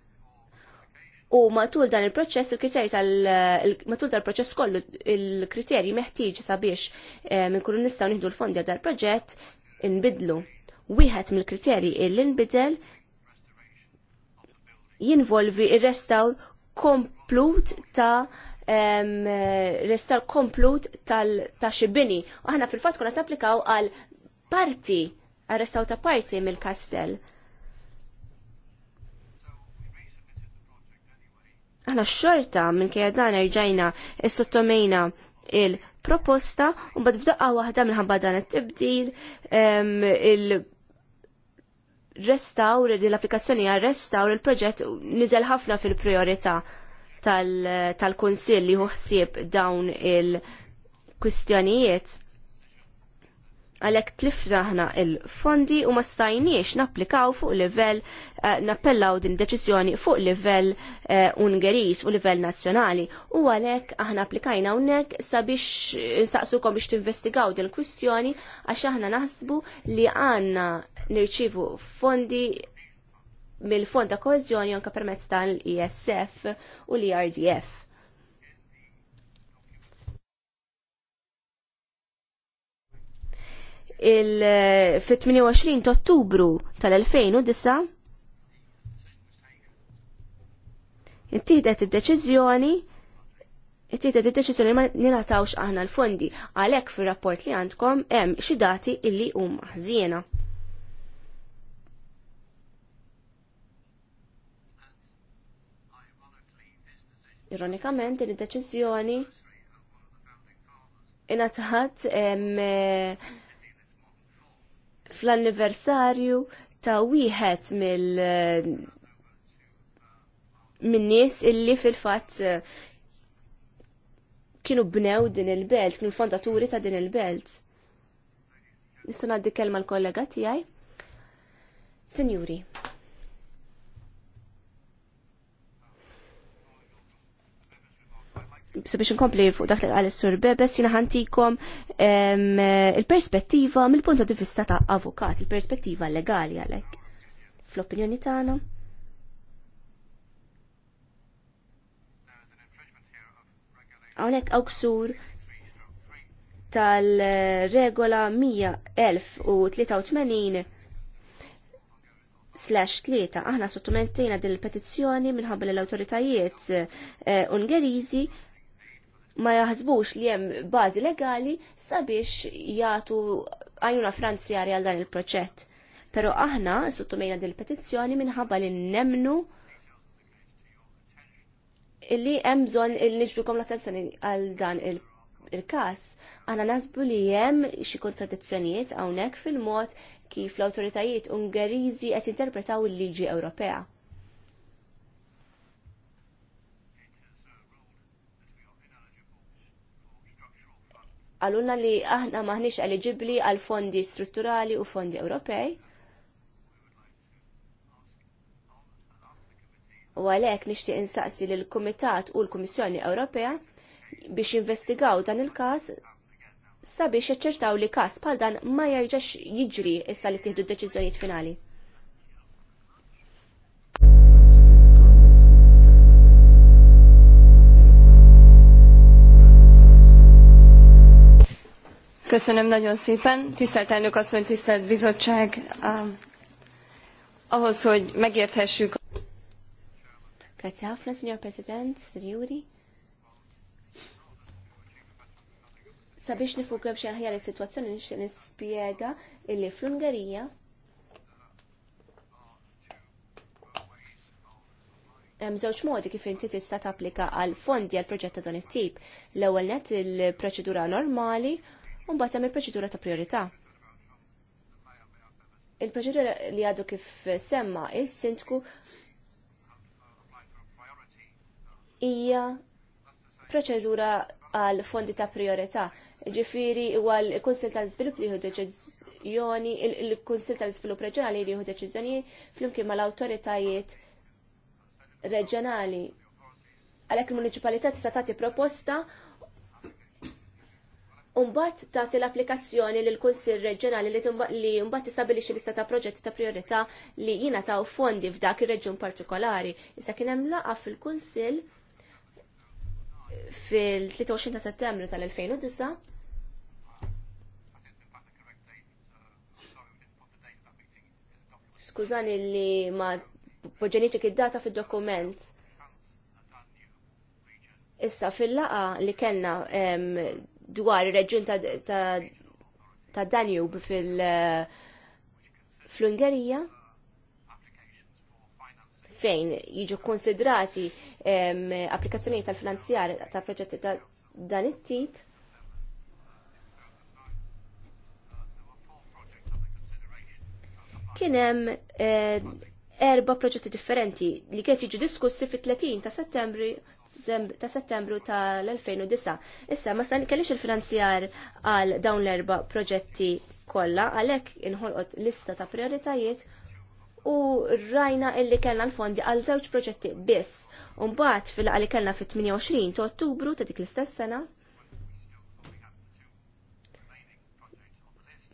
u matul dan il-proċess il-kriterji tal matul tal-proċess kollu il-kriterji meħtieġ sabiex eh, minkunu nistgħu nieħdu l-fondi għal proġett inbidlu. Wieħed mill-kriterji illi nbidel jinvolvi ir-restaw komplut ta' restar komplut tal-taxibini. U aħna fil-fat kuna tapplikaw għal parti, għal restaw ta' parti mill-kastell. Aħna xorta minn dan rġajna s sottomejna il-proposta u bad f'daqqa waħda minħabba dan it-tibdil il- restaw l-applikazzjoni għal restaw il-proġett nizel ħafna fil-priorità tal-Kunsill li huħsieb dawn il-kwistjonijiet għalek tlifraħna il-fondi u ma stajniex napplikaw fuq livell eh, nappellaw din deċizjoni fuq livell eh, Ungeris u livell nazzjonali u għalek aħna applikajna unnek sabiex insaqsukom biex tinvestigaw din kwistjoni għax aħna naħsbu li għanna nirċivu fondi mill-fond ta' koezjoni anke permezz tal-ISF u l-IRDF. il-28 ta' ottubru tal-2009 ittieħdet id-deċiżjoni ittieħdet id-deċiżjoni ma nilatawx aħna l-fondi għalhekk fir-rapport li għandkom hemm xi dati illi huma ħżiena. Ironikament, il deċiżjoni inatħat eh, fl-anniversarju ta' wieħed mill eh, min-nies illi fil-fatt eh, kienu bnew din il-belt, kienu fondaturi ta' din il-belt. Nista' għaddi kelma l-kollega tiegħi. Senjuri. sabiex nkompli fuq dak li għal sur bebes jina ħantikom il-perspettiva mill-punt di vista ta' avukat, il-perspettiva legali għalek. Fl-opinjoni tagħna. Hawnhekk hawn tal-regola 1083 slash 3 aħna sottomentina din il petizzjoni minħabba l-autoritajiet eh, Ungeriżi ma jaħsbux li hemm bażi legali sabiex jagħtu għajuna franzjarja għal dan il-proċett. Pero aħna sottomejna din petizzjoni minħabba li nemnu illi hemm bżonn illi niġbikom l-attenzjoni għal dan il- il-kas, għana nasbu li jem xi kontradizzjonijiet hawnhekk fil-mod kif l-awtoritajiet Ungeriżi qed jinterpretaw il-liġi Ewropea. għalluna li aħna maħniex eligibli għal fondi strutturali u fondi Ewropej. U għalhekk nixtieq insaqsi lill kumitat u l-Kummissjoni Ewropea biex investigaw dan il-każ sabiex jaċċertaw li każ bħal dan ma jerġax jiġri issa li tieħdu d-deċiżjonijiet finali. Köszönöm nagyon szépen. Tisztelt elnök asszony, tisztelt bizottság, um, ahhoz, hogy megérthessük. Grazie ħafna, signor President, Sirjuri. Sabiex nifuk xi ħjar il-situazzjoni nixtieq nispjega illi fl-Ungerija hemm żewġ modi kif inti tista' tapplika għal fondi għal proġett ta' dan it-tip. L-ewwel net il-proċedura normali u bat hemm il-proċedura ta' priorità. Il-proċedura li għadu kif semma il-sintku ija proċedura għal fondi ta' priorità. Ġifiri, għal il-Konsil tal-Svilup li deċizjoni, il-Konsil tal-Svilup reġjonali li deċizjoni flimkien ma l-autoritajiet reġjonali. Għalek il-Municipalità tista' tagħti proposta Umbat tagħti l-applikazzjoni l kunsill reġjonali li mbagħad tistabilixxi lista ta' proġetti ta' priorità li jingħataw fondi f'dak ir-reġjun partikolari. Issa kien hemm laqgħa fil-kunsill fil-23 ta' settembru tal-2009 skużani li ma poġġeniċek id-data fil-dokument. Issa fil-laqa li kellna dwar ir-reġjun ta' Danube fil- eh, fl-Ungerija fejn jiġu konsidrati applikazzjonijiet tal-finanzjar ta' proġetti ta' dan it-tip. Kien hemm eh, erba' proġetti differenti li kienet jiġu diskussi fit-30 ta' Settembri ta' settembru tal-2009. Issa, ma stan kellix il-finanzjar għal dawn l-erba proġetti kollha, għalhekk inħolqot lista ta' prioritajiet u rajna illi kellna l-fondi għal żewġ proġetti biss. Umbagħad fil-qali kellna fit-28 ta' Ottubru ta' dik l-istess sena.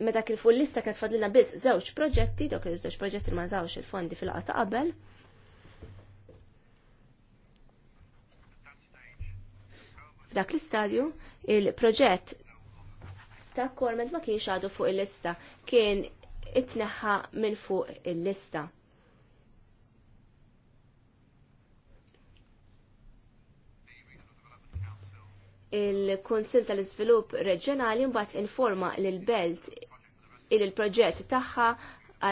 Meta kif l lista kienet fadlina biss żewġ proġetti, dok iż-żewġ proġetti ma dawx il-fondi fil-qata qabel. F'dak l-istadju il-proġett ta' Korment ma kienx għadu fuq il-lista, kien itneħħa minn fuq il-lista. il-Konsil tal-Iżvilupp Reġjonali mbagħad informa lil belt il il-proġett tagħha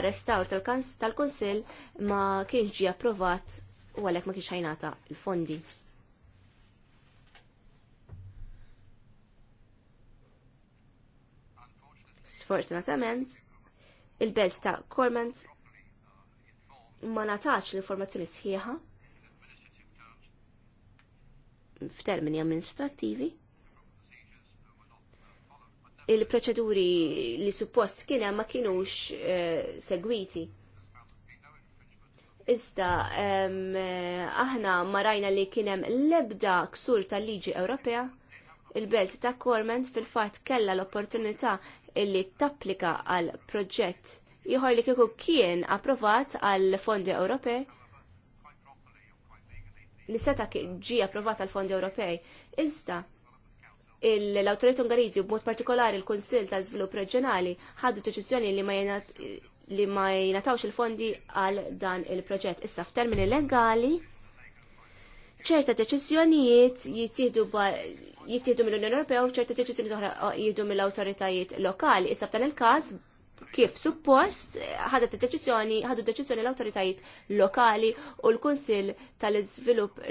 arrestawr tal-Kunsill ma kienx ġie approvat u għalhekk ma kienx ħajnata l-fondi. Sfortunatament, il-belt ta' Cormant ma natax l-informazzjoni sħiħa f'termini amministrattivi. Il-proċeduri li suppost kien ma kienux eh, segwiti. Iżda eh, aħna ma rajna li kien hemm l-ebda ksur tal-liġi Ewropea il-belt ta' Korment fil-fatt kella l-opportunità illi tapplika għal proġett ieħor li kieku kien approvat għal fondi Ewropej li seta ġie approvat għal fondi Ewropej. Iżda l-autorit Ungariżi b'mod partikolari l-Kunsill ta' Żvilupp Reġjonali ħadu deċiżjoni li ma jenat li ma jnatawx il-fondi għal dan il-proġett. Issa f'termini legali ċerta deċiżjonijiet jittieħdu jittieħdu mill-Unjoni Ewropea u ċerti deċiżjoni oħra uh, jieħdu mill-awtoritajiet lokali. Issa f'dan il-każ kif suppost eh, ħadet deċiżjoni ħadu deċiżjoni l-awtoritajiet lokali u l-Kunsill tal-Iżvilupp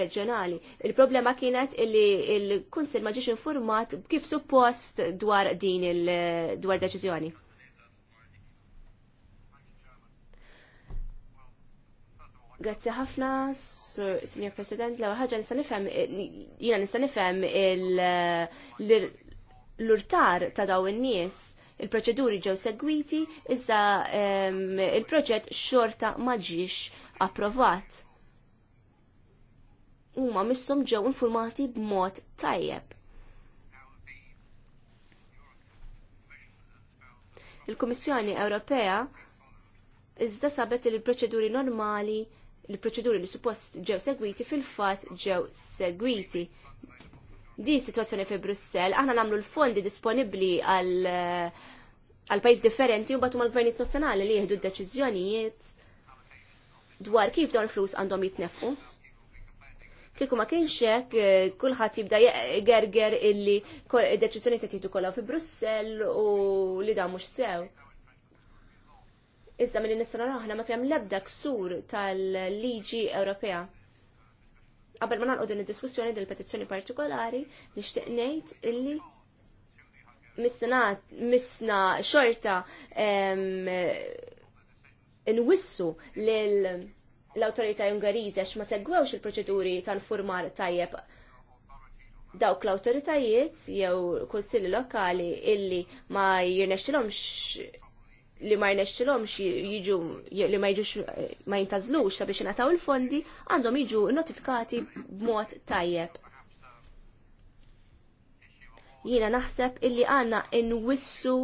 Reġjonali. Il-problema kienet li l-Kunsill ma ġiex infurmat kif suppost dwar din il-dwar deċiżjoni. Grazzi ħafna, Signor President, l ħaġa nista' nifhem jiena nista' nifhem l-urtar ta' daw in-nies il-proċeduri ġew segwiti iżda il-proġett xorta ma ġiex approvat. Huma misshom ġew infurmati b'mod tajjeb. Il-Kummissjoni Ewropea iżda sabet il-proċeduri normali li proċeduri li suppost ġew segwiti fil-fat ġew segwiti. Di situazzjoni fi Brussel, aħna namlu l-fondi disponibli għal għal pajis differenti u batum għal-gvernijiet nazzjonali li jihdu d-deċizjonijiet dwar kif dawn flus għandhom jitnefqu. Kieku ma kienx hekk kulħadd jibda gerger illi deċiżjoni se jieħdu kollha fi Brussell u li dan mhux sew. Iżda mill nistana aħna ma kemm lebda ksur tal-liġi Ewropea. Qabel ma nagħqu din id-diskussjoni dil petizzjoni partikolari, nixtieq ngħid illi misna xorta nwissu lil l-autorità Ungariża għax ma segwewx il-proċeduri tal-formar tajjeb dawk l-autoritajiet jew kunsilli lokali illi ma jirnexxilhomx li ma jnexxilhomx jiġu li ma jiġux ma jintażlux sabiex ingħataw il-fondi għandhom jiġu notifikati b'mod tajjeb. Jiena naħseb illi għandna inwissu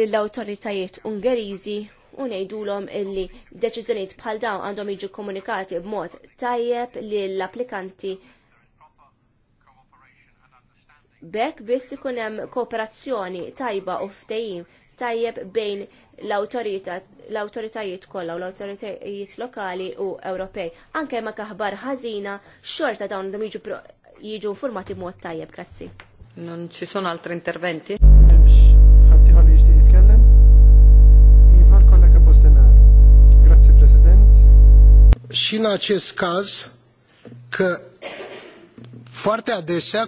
lill-awtoritajiet Ungeriżi u ngħidulhom illi deċiżjonijiet bħal dawn għandhom jiġu komunikati b'mod tajjeb lill-applikanti Bekk biss ikun hemm kooperazzjoni tajba u ftehim tajjeb bejn l l-awtoritajiet kollha u l awtoritajiet lokali u Ewropej. Anke ma kaħbar ħażina xorta dawn li jiġu jiġu formati mod tajjeb, grazzi. Non ci sono altri interventi? jitkellem? Iva, grazzi, President. Și în acest caz că foarte adesea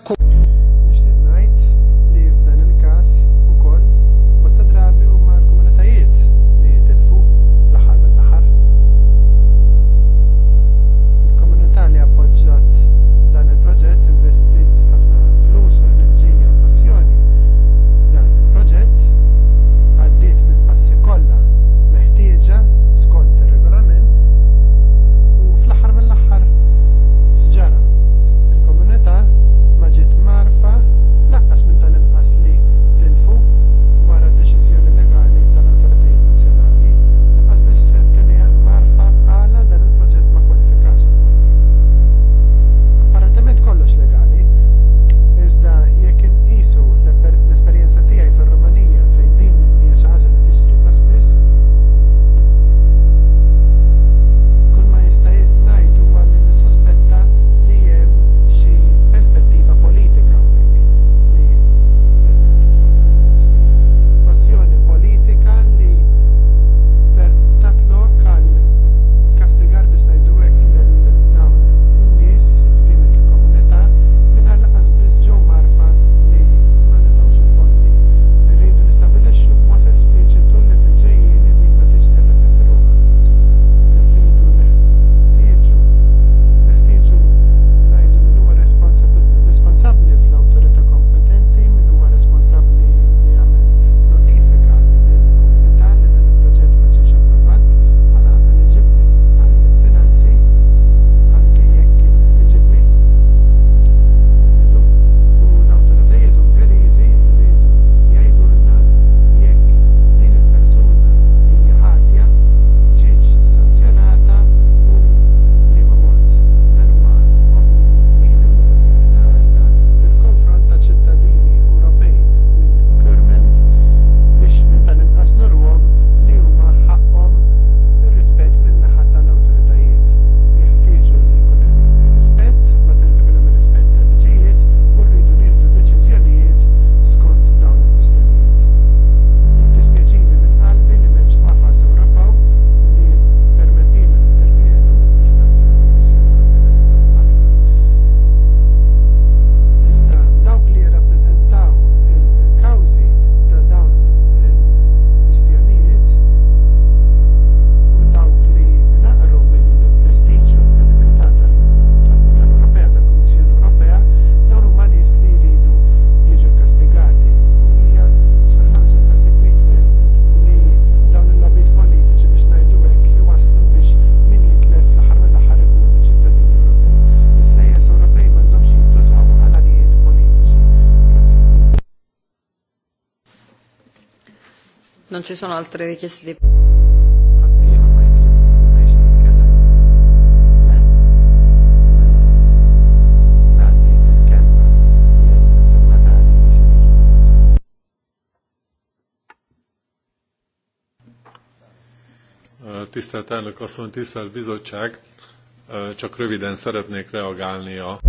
ci sono altre richieste di... Eh, tisztelt elnök asszony, tisztelt bizottság! Eh, csak röviden szeretnék reagálni a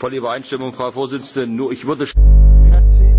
Volle Übereinstimmung, Frau Vorsitzende. Nur ich würde. Grazie,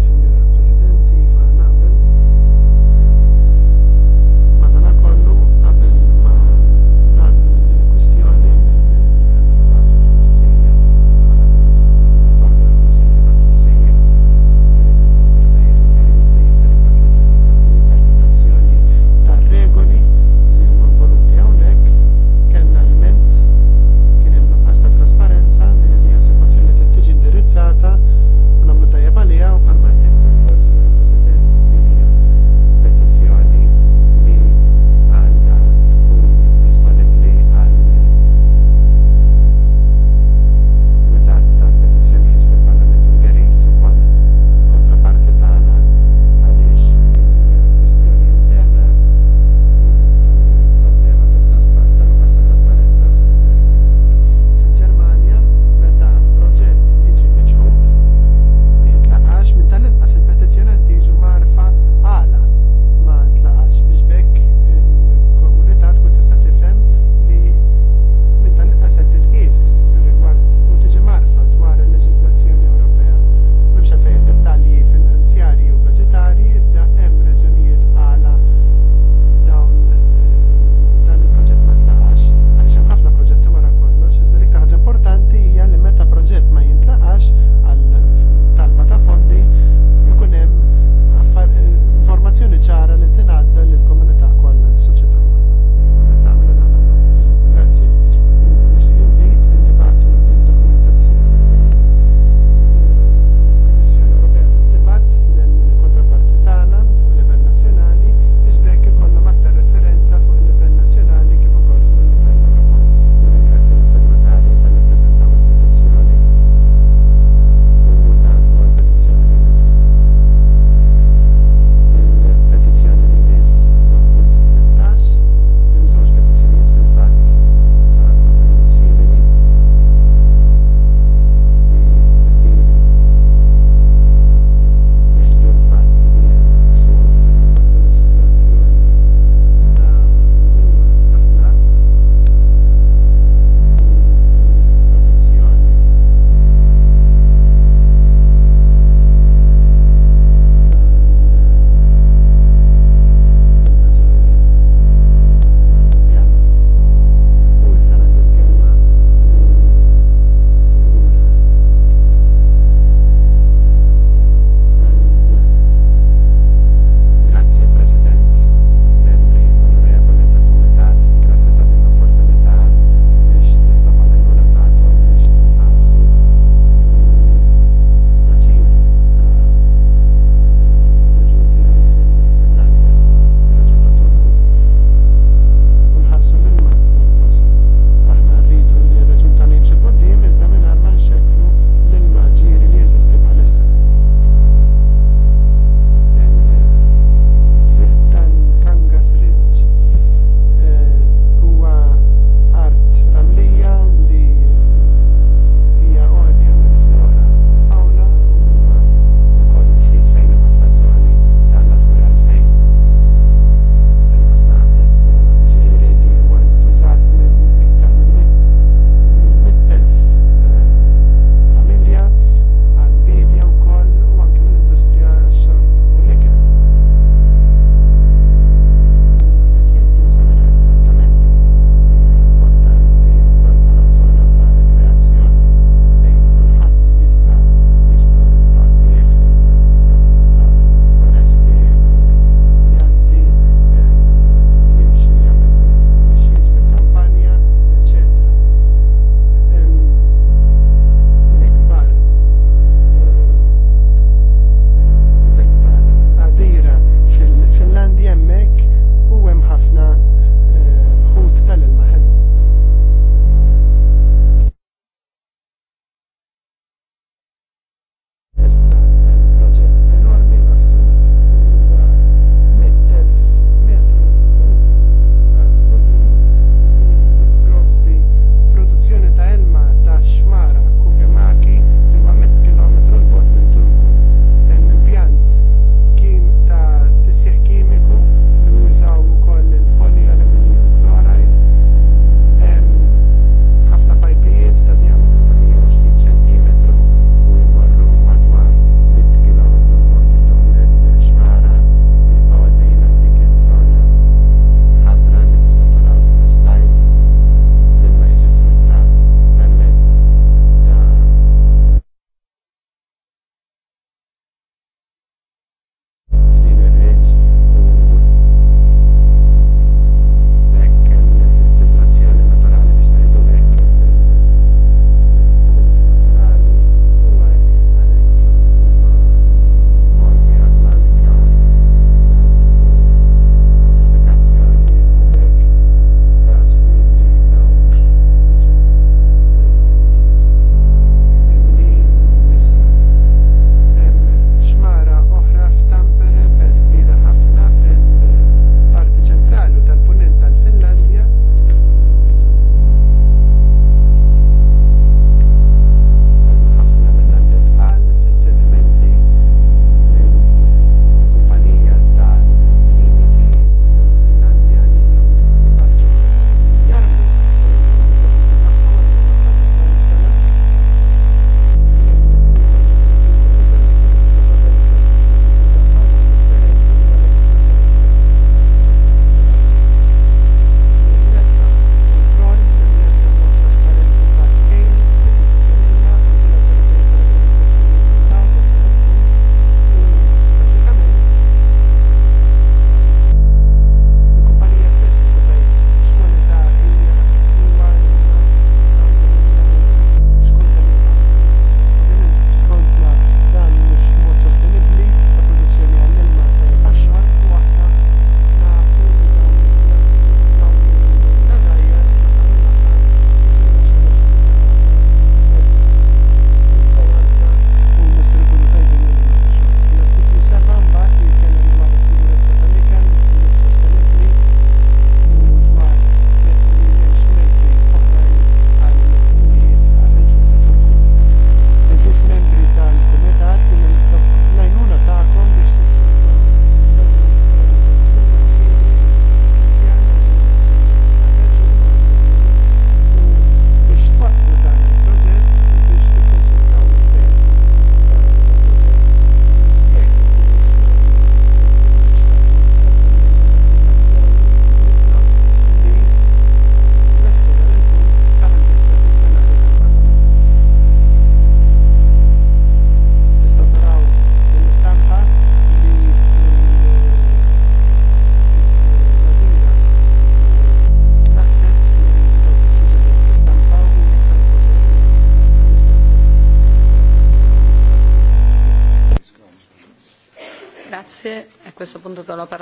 dalla parte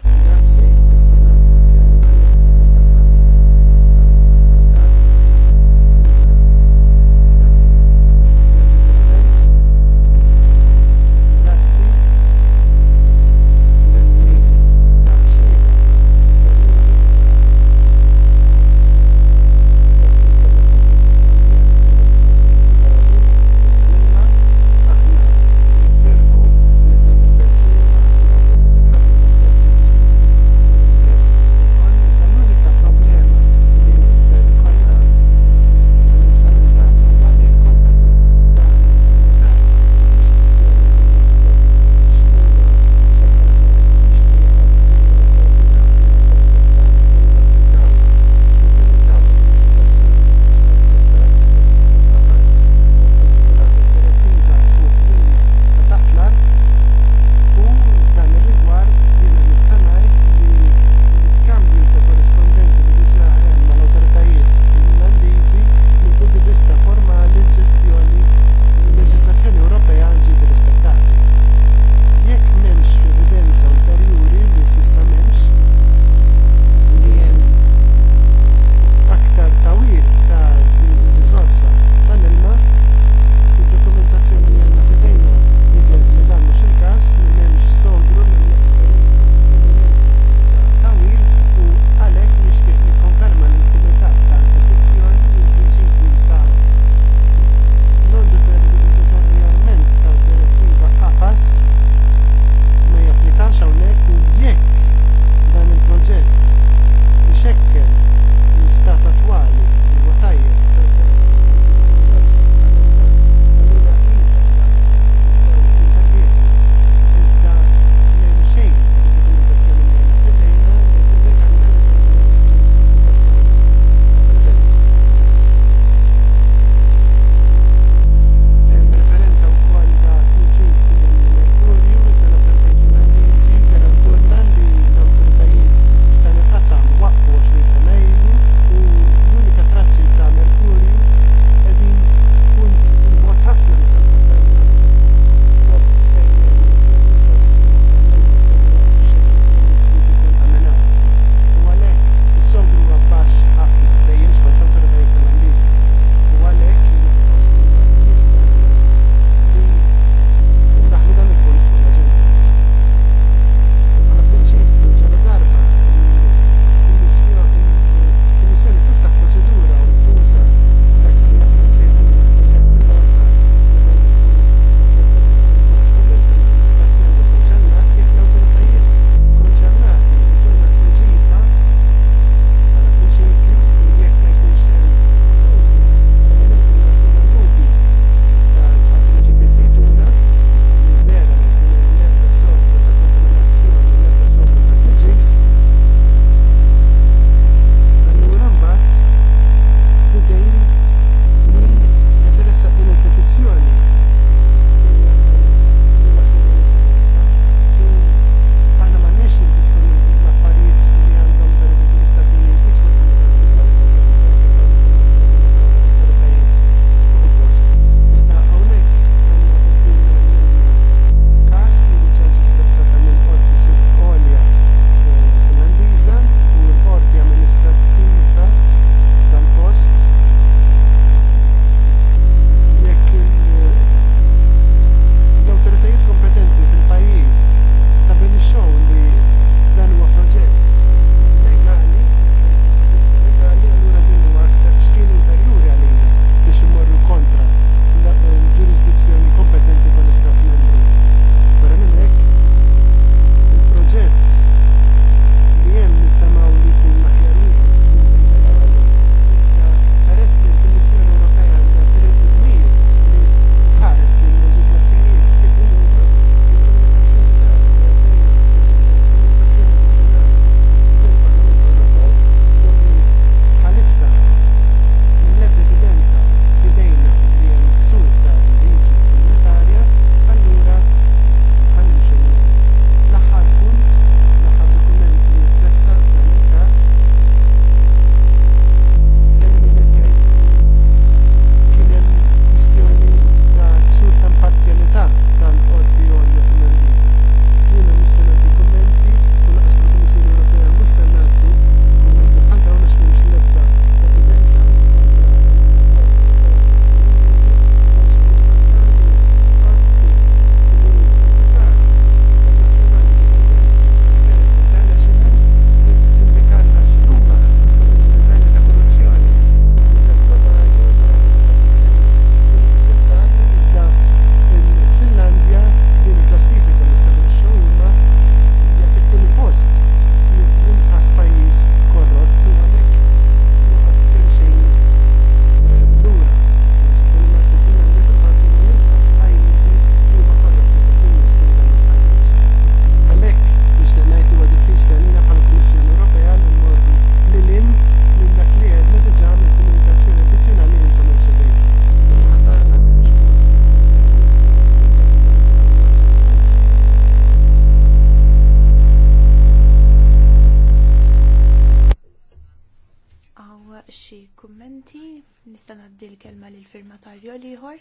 firmatarju liħor.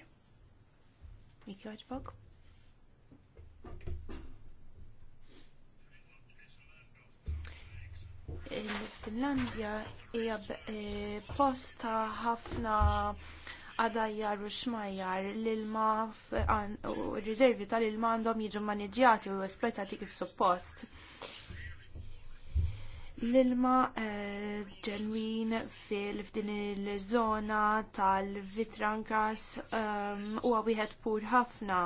Mik joġbok. Il-Finlandja hija eh, posta ħafna għadajjar u xmajjar l-ilma u r riservi tal-ilma għandhom jiġu maniġjati u esploitati kif suppost l-ilma eh, ġenwin fil-fdin il-żona tal-vitrankas ehm, huwa wieħed pur ħafna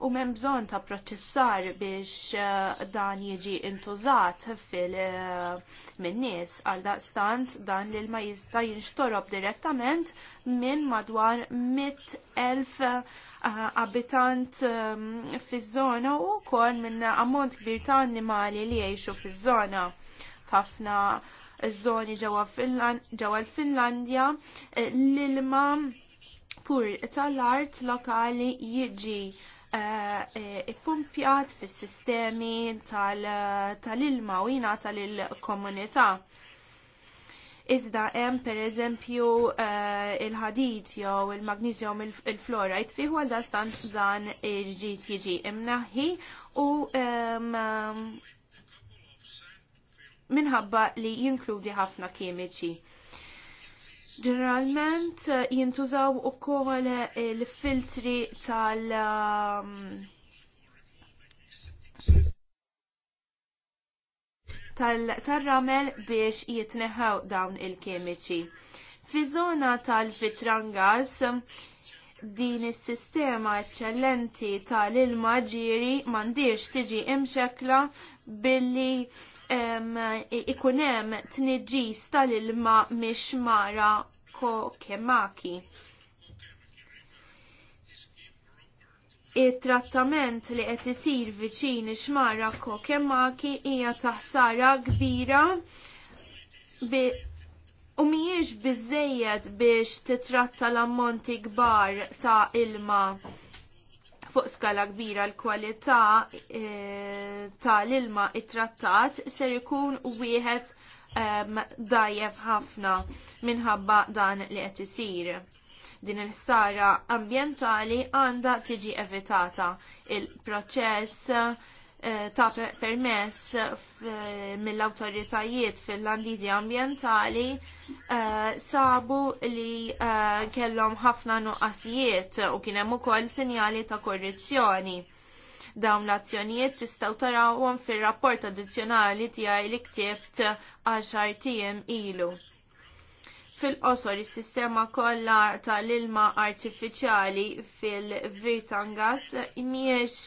u hemm bżonn ta' proċessar biex eh, dan jiġi intużat fil eh, min-nies għal daqstant dan l-ilma jista' jinxtorob direttament minn madwar 100,000 abitant ehm, fiż-żona u wkoll minn ammont kbir ta' annimali li jgħixu fiż-żona f'ħafna żoni ġewwa l-Finlandja eh, l-ilma pur tal-art lokali jiġi eh, eh, ippumpjat fis-sistemi tal-ilma u jina tal-komunità. Iżda hemm pereżempju il-ħadid jew il magnizjum il-fluoride fih għal dan irġid jiġi imnaħħi u minħabba li jinkludi ħafna kimiċi. Ġeneralment eh, jintużaw ukoll il-filtri um, tal- tal-ramel biex jitneħaw dawn il-kemiċi. Fi zona tal-vitrangas, din is-sistema eċċellenti tal-ilma ġiri m'għandix tiġi imxekla billi ikun hemm tniġġis tal-ilma mhix mara kokemaki. it-trattament li qed isir viċin ix-xmara kokemaki hija taħsara kbira u mhijiex biżejjed biex titratta l-ammonti kbar ta' ilma fuq skala kbira l-kwalità e, tal-ilma it-trattat ser ikun wieħed um, dajjef ħafna minħabba dan li qed isir. Din il-ħsara ambjentali għandha tiġi evitata. Il-proċess Eh, ta' permess eh, mill-autoritajiet landiżi ambjentali eh, sabu li kellhom ħafna nuqqasijiet u kien hemm ukoll sinjali ta' korruzzjoni. Dawn l-azzjonijiet tistgħu tarawhom fir-rapport addizzjonali tiegħi li ktiebt għal tiem ilu. Fil-qosor is-sistema kollha tal-ilma artifiċjali fil-Virtangas mhijiex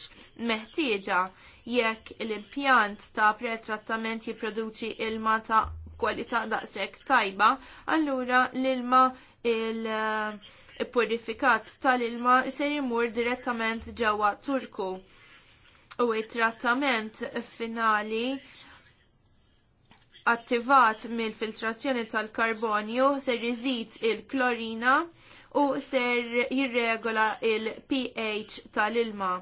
meħtieġa jekk l-impjant ta' pretrattament jipproduċi ilma ta' kwalità daqshekk tajba, allura l-ilma il-purifikat eh, tal-ilma se jimur direttament ġewwa Turku. U it-trattament finali attivat mill-filtrazzjoni tal-karbonju ser jiżid il-klorina u ser jirregola il-pH tal-ilma.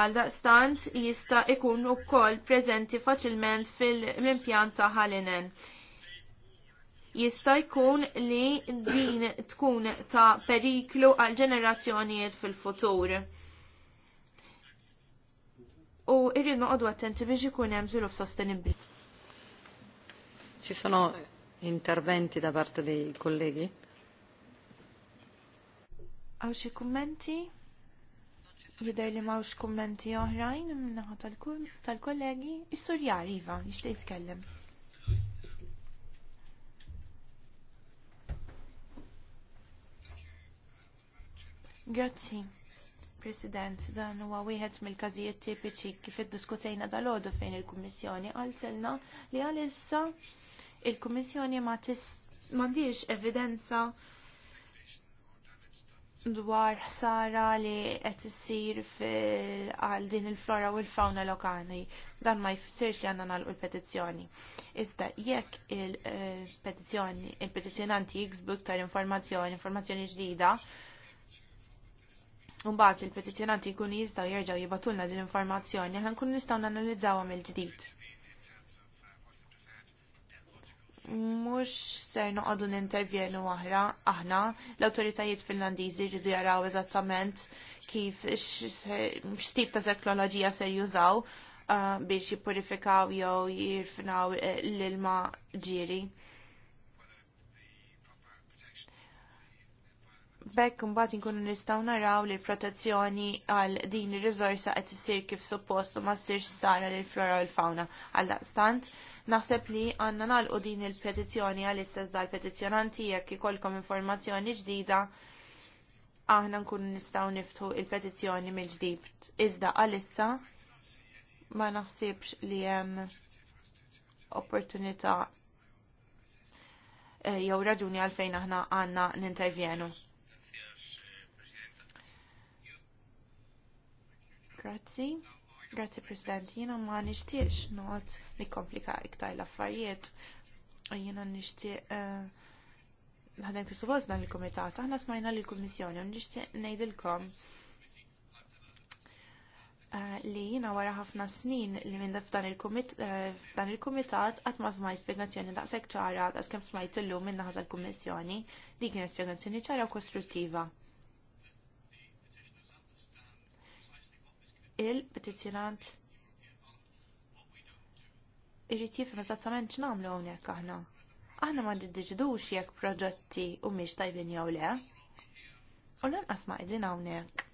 Għaldaqstant jista' jkun ukoll prezenti faċilment fil-impjant ta' ħalinen. Jista' jkun li din tkun ta' periklu għal ġenerazzjonijiet fil-futur. U irrid noqogħdu attenti biex ikun hemm żvilupp sostenibbli. Ci sono interventi da parte dei colleghi? Għaw xi kummenti? Jidher li mawx kummenti oħrajn minnaħa tal-kollegi. is jar Iva, jixtieq jitkellem. Grazzi. President, dan huwa wieħed mill-każijiet tipiċi kif iddiskutejna dal-għodu fejn il-Kummissjoni għaltilna li għalissa il-Kummissjoni ma m'għandix evidenza dwar ħsara li qed issir għal din il-flora u l-fawna lokali. Dan ma jfissirx li għandna nagħlqu l-petizzjoni. Iżda jekk il eh, il-petizzjonanti jiksbu iktar informazzjoni, informazzjoni ġdida, Mbagħad il-petizzjonanti jkunu jistgħu jerġgħu jibatulna din l-informazzjoni aħna nkunu nistgħu nanalizzawhom mill-ġdid. mhux ser noqogħdu nintervjenu aħna l-awtoritajiet Finlandiżi jridu jaraw eżattament kif x'tip ta' teknoloġija ser jużaw uh, biex jippurifikaw jew jirfinaw eh, l-ilma ġiri. Bekk mbagħad inkunu nistgħu naraw li protezzjoni għal din ir-riżorsa qed issir kif suppost u ma ssirx sara lil flora u l-fawna. Għal daqstant, naħseb li għandna nagħlqu din il-petizzjoni għal istess dal-petizzjonanti jekk ikollkom informazzjoni ġdida aħna nkunu nistgħu niftħu il-petizzjoni mill-ġdid. Iżda għalissa ma naħsibx li hemm opportunità eh, jew raġuni għalfejn aħna għandna nintervjenu. Grazzi. Grazzi President, jiena ma nixtiex noqgħod nikkomplika iktar l-affarijiet. Jiena nixtieq eh, naħdem kif suppost dan il-kumitat, aħna smajna lill kummissjoni u nixtieq ngħidilkom eh, li jina wara ħafna snin li minn f'dan il-komitat eh, qatt ma smajt spjegazzjoni daqshekk ċara kemm smajt illum minn naħa tal-Kummissjoni li kienet spjegazzjoni ċara u kostruttiva. il-petizjonant irrit jifhem eżattament x'nagħmlu hawnhekk aħna. Aħna ma niddeċidux jekk proġetti mhumiex tajbin jew le. U lanqas ma qegħdin hawnhekk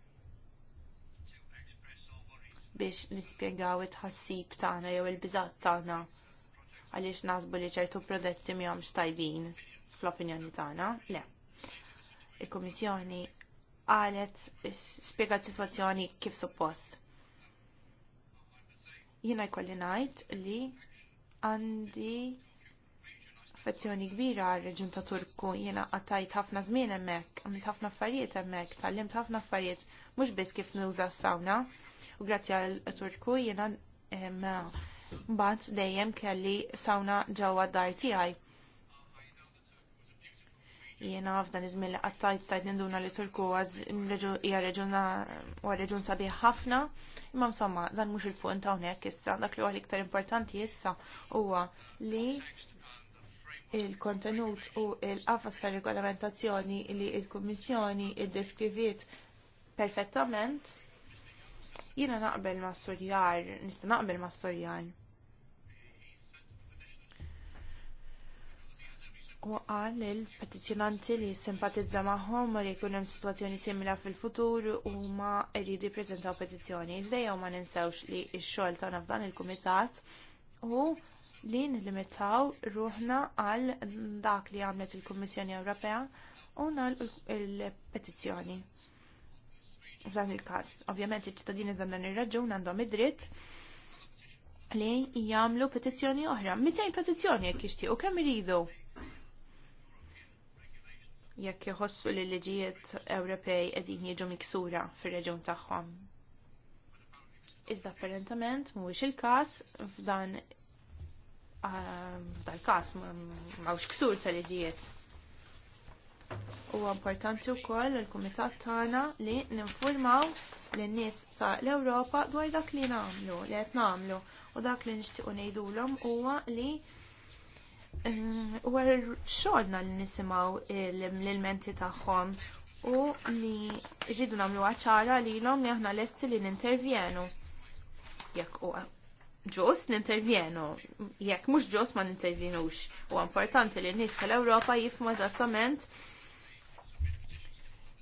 biex nispjegaw it-ħassib tagħna jew il-biżat tagħna għaliex nasbu li ċertu prodotti mihomx tajbin fl-opinjoni tagħna. Le. Il-Kummissjoni qalet spjegat sitwazzjoni kif suppost. Jiena jkolli ngħid li għandi affezzjoni kbira għal reġun ta' Turku, jiena għattajt ħafna żmien hemmhekk, għamilt ħafna affarijiet hemmhekk, tallimt ħafna affarijiet, mhux biss kif nuża s-sawna. U grazzi għal Turku jiena mbagħad dejjem kelli sawna ġewwa d-dar tiegħi. Jiena f'dan iż-żmien li qattajt stajt ninduna li Turku hija reġun sabiħ ħafna, imma insomma dan mhux il-punt hawnhekk issa dak li huwa l-iktar importanti issa huwa li il-kontenut u l-qafas ta' regolamentazzjoni li l kummissjoni iddeskriviet perfettament, jiena naqbel ma' Surjar, nista' naqbel ma' Surjar u qal il-petizjonanti li simpatizza magħhom li jkun hemm sitwazzjoni simila fil-futur huma rridu jippreżentaw petizzjoni. Iżdejja ma ninsewx li x-xogħol tagħna f'dan il-kumitat u li nlimitaw ruħna għal dak li għamlet il-Kummissjoni Ewropea u nal il-petizzjoni. F'dan il-każ, ovvjament iċ-ċittadini dan ir-raġun għandhom id-dritt li jagħmlu petizzjoni oħra. Mitejn petizzjoni jekk jixtiequ kemm iridu jekk iħossu li l-liġijiet Ewropej qegħdin jiġu miksura fir-reġjun tagħhom. Iżda apparentament mhuwiex il-każ f'dan ah, dal każ m'hawnx ksur tal liġijiet. Huwa importanti wkoll il-kumitat tagħna li ninformaw lin nies ta' l-Ewropa dwar dak li nagħmlu, li qed nagħmlu u dak li nixtiequ ngħidulhom huwa li Eh, u għar li nisimaw l-elementi tagħhom u li rridu namlu ċara li l-om li aħna lesti li n-intervjenu. Jekk u ġus nintervjenu, jekk mhux ġus ma nintervjenux. U importanti li n-nies tal-Ewropa jifhmu eżattament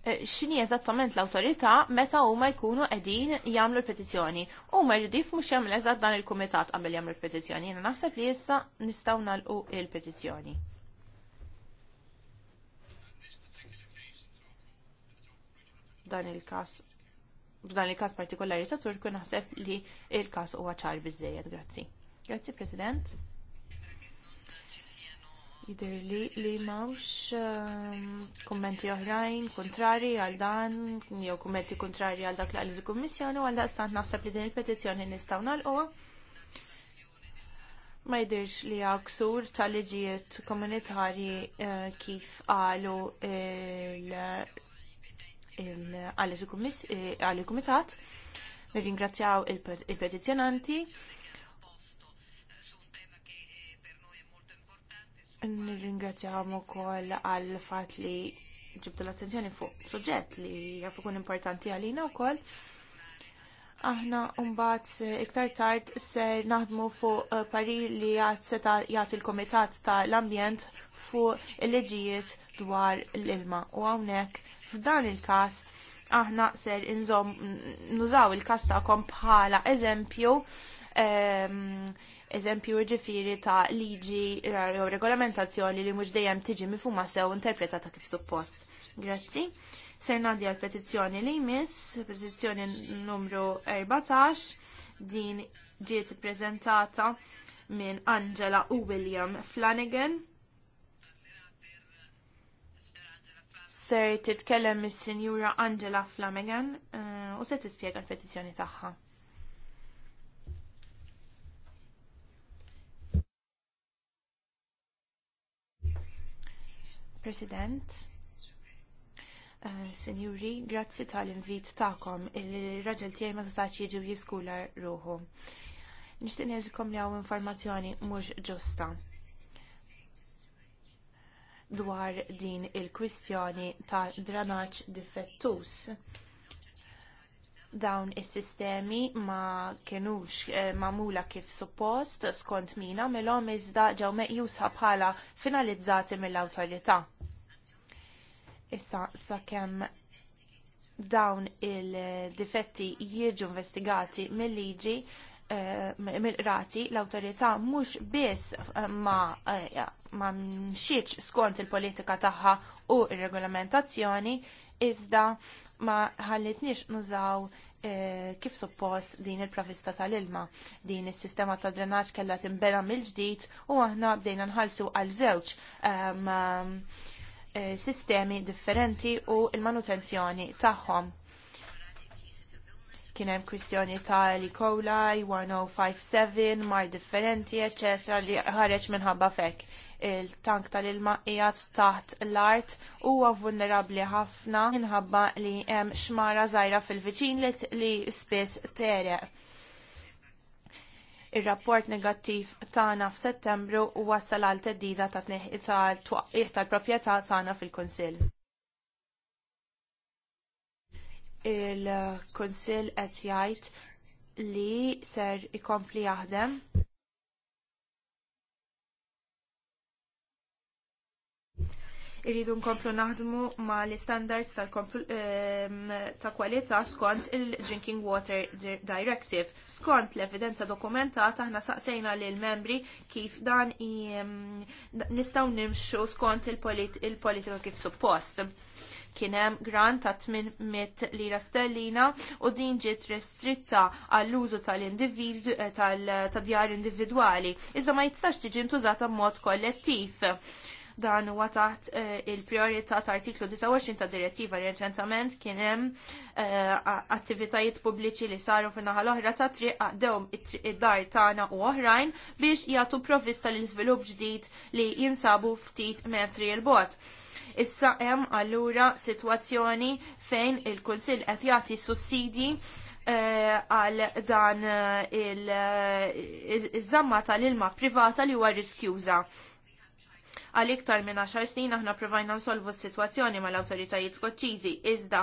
Eh, xini eżattament l-autorità meta huma jkunu qegħdin jagħmlu l-petizzjoni. Huma jridu jifhmu l eżatt dan il-kumitat qabel jagħmlu l-petizzjoni. Jiena naħseb li issa nistgħu nagħlqu l-petizzjoni. Dan il-każ f'dan il-każ partikolari ta' Turku naħseb li il-każ huwa ċar biżejjed. Grazzi. Grazzi President. Jidir li li mawx ehm, kommenti oħrajn, kontrari għal dan, jew kommenti kontrari għal dak l għal il-Kommissjoni, għal stant naħseb li din il-petizjoni nistaw nalqoha. Ma jidirx li għaksur tal-liġijiet komunitarji eh, kif għalu għal il-Komitat. Eh, Nirringrazzjaw il-petizjonanti. il petizjonanti il Nirringrazzjahom ukoll għal fatt li ġibdu l-attenzjoni fuq suġġett li jaf ikun importanti għalina wkoll. Aħna mbagħad iktar tard ser naħdmu fuq eh, pari li jagħti l-Kumitat tal-Ambjent fuq il-leġijiet dwar l-ilma u hawnhekk f'dan il-każ aħna ser inżom nużaw il-każ tagħkom bħala eżempju ehm, eżempju ġifiri ta' liġi jew regolamentazzjoni li mhux dejjem tiġi mifhuma sew interpretata kif suppost. Grazzi. Se ngħaddi għal petizzjoni li jmiss, petizzjoni numru 14, din ġiet ippreżentata minn Angela u William Flanagan. Ser titkellem mis-Sinjura Angela Flanagan eh, u se tispjega l-petizzjoni tagħha. President. Uh, grazzi tal-invit ta'kom. Il-raġel tiegħi ma tistax jiġi jiskula ruħu. Nixtieq ngħidilkom li hawn informazzjoni mhux ġusta dwar din il-kwistjoni ta' dranaġġ difettus dawn is-sistemi ma kienux eh, magħmula kif suppost skont mina milhom iżda ġew meqjusa bħala finalizzati mill-awtorità. Issa sakemm dawn il-difetti jiġu investigati mill-liġi eh, mill-rati l-awtorità mhux biss eh, ma, eh, ma skont il-politika tagħha u r regolamentazzjoni iżda ma ħallitniex nużaw eh, kif suppost din il-provista tal-ilma. Din is-sistema ta' drenaġġ kellha timbena mill-ġdid u aħna bdejna nħallsu għal żewġ ehm, ehm, sistemi differenti u l manutenzjoni tagħhom kien hemm kwistjoni ta' E. coli 1057 mar differenti eċetera li ħareġ minħabba fek. Il-tank tal-ilma qiegħed taħt l-art huwa vulnerabbli ħafna minħabba li hemm xmara żgħira fil-viċin li spiss tereq ir-rapport negattiv tagħna f'Settembru wassal għal teddida ta' tneħħi ta' twaqqih tal-proprjetà tagħna fil-Kunsill il-Konsil qed jgħid li ser ikompli jaħdem. Irridu nkomplu naħdmu ma l-standards ta' kwalità skont il-Drinking Water Directive. Skont l-evidenza dokumentata aħna saqsejna lil membri kif dan nistgħu nimxu skont il-politika kif suppost kien hemm grant ta' 800 lira sterlina u din ġiet restritta għall-użu tal-individu eh, tal-djar individwali. Iżda ma jitsax tiġi ntużata b'mod kollettiv dan huwa taħt uh, il-priorità ta' artiklu 29 ta' direttiva reċentament kien hemm uh, attivitajiet pubbliċi li saru fin-naħa l-oħra ta' triq għaddew id-dar tagħna u oħrajn biex jagħtu provvista l iżvilupp ġdid li jinsabu ftit metri l-bot. Issa hemm allura sitwazzjoni fejn il-Kunsill qed jagħti sussidji eh, għal dan eh, il-żamma eh, tal-ilma privata li huwa riskjuża. Għal iktar minn 10 snin aħna provajna nsolvu s-sitwazzjoni mal-awtoritajiet skoċċiżi iżda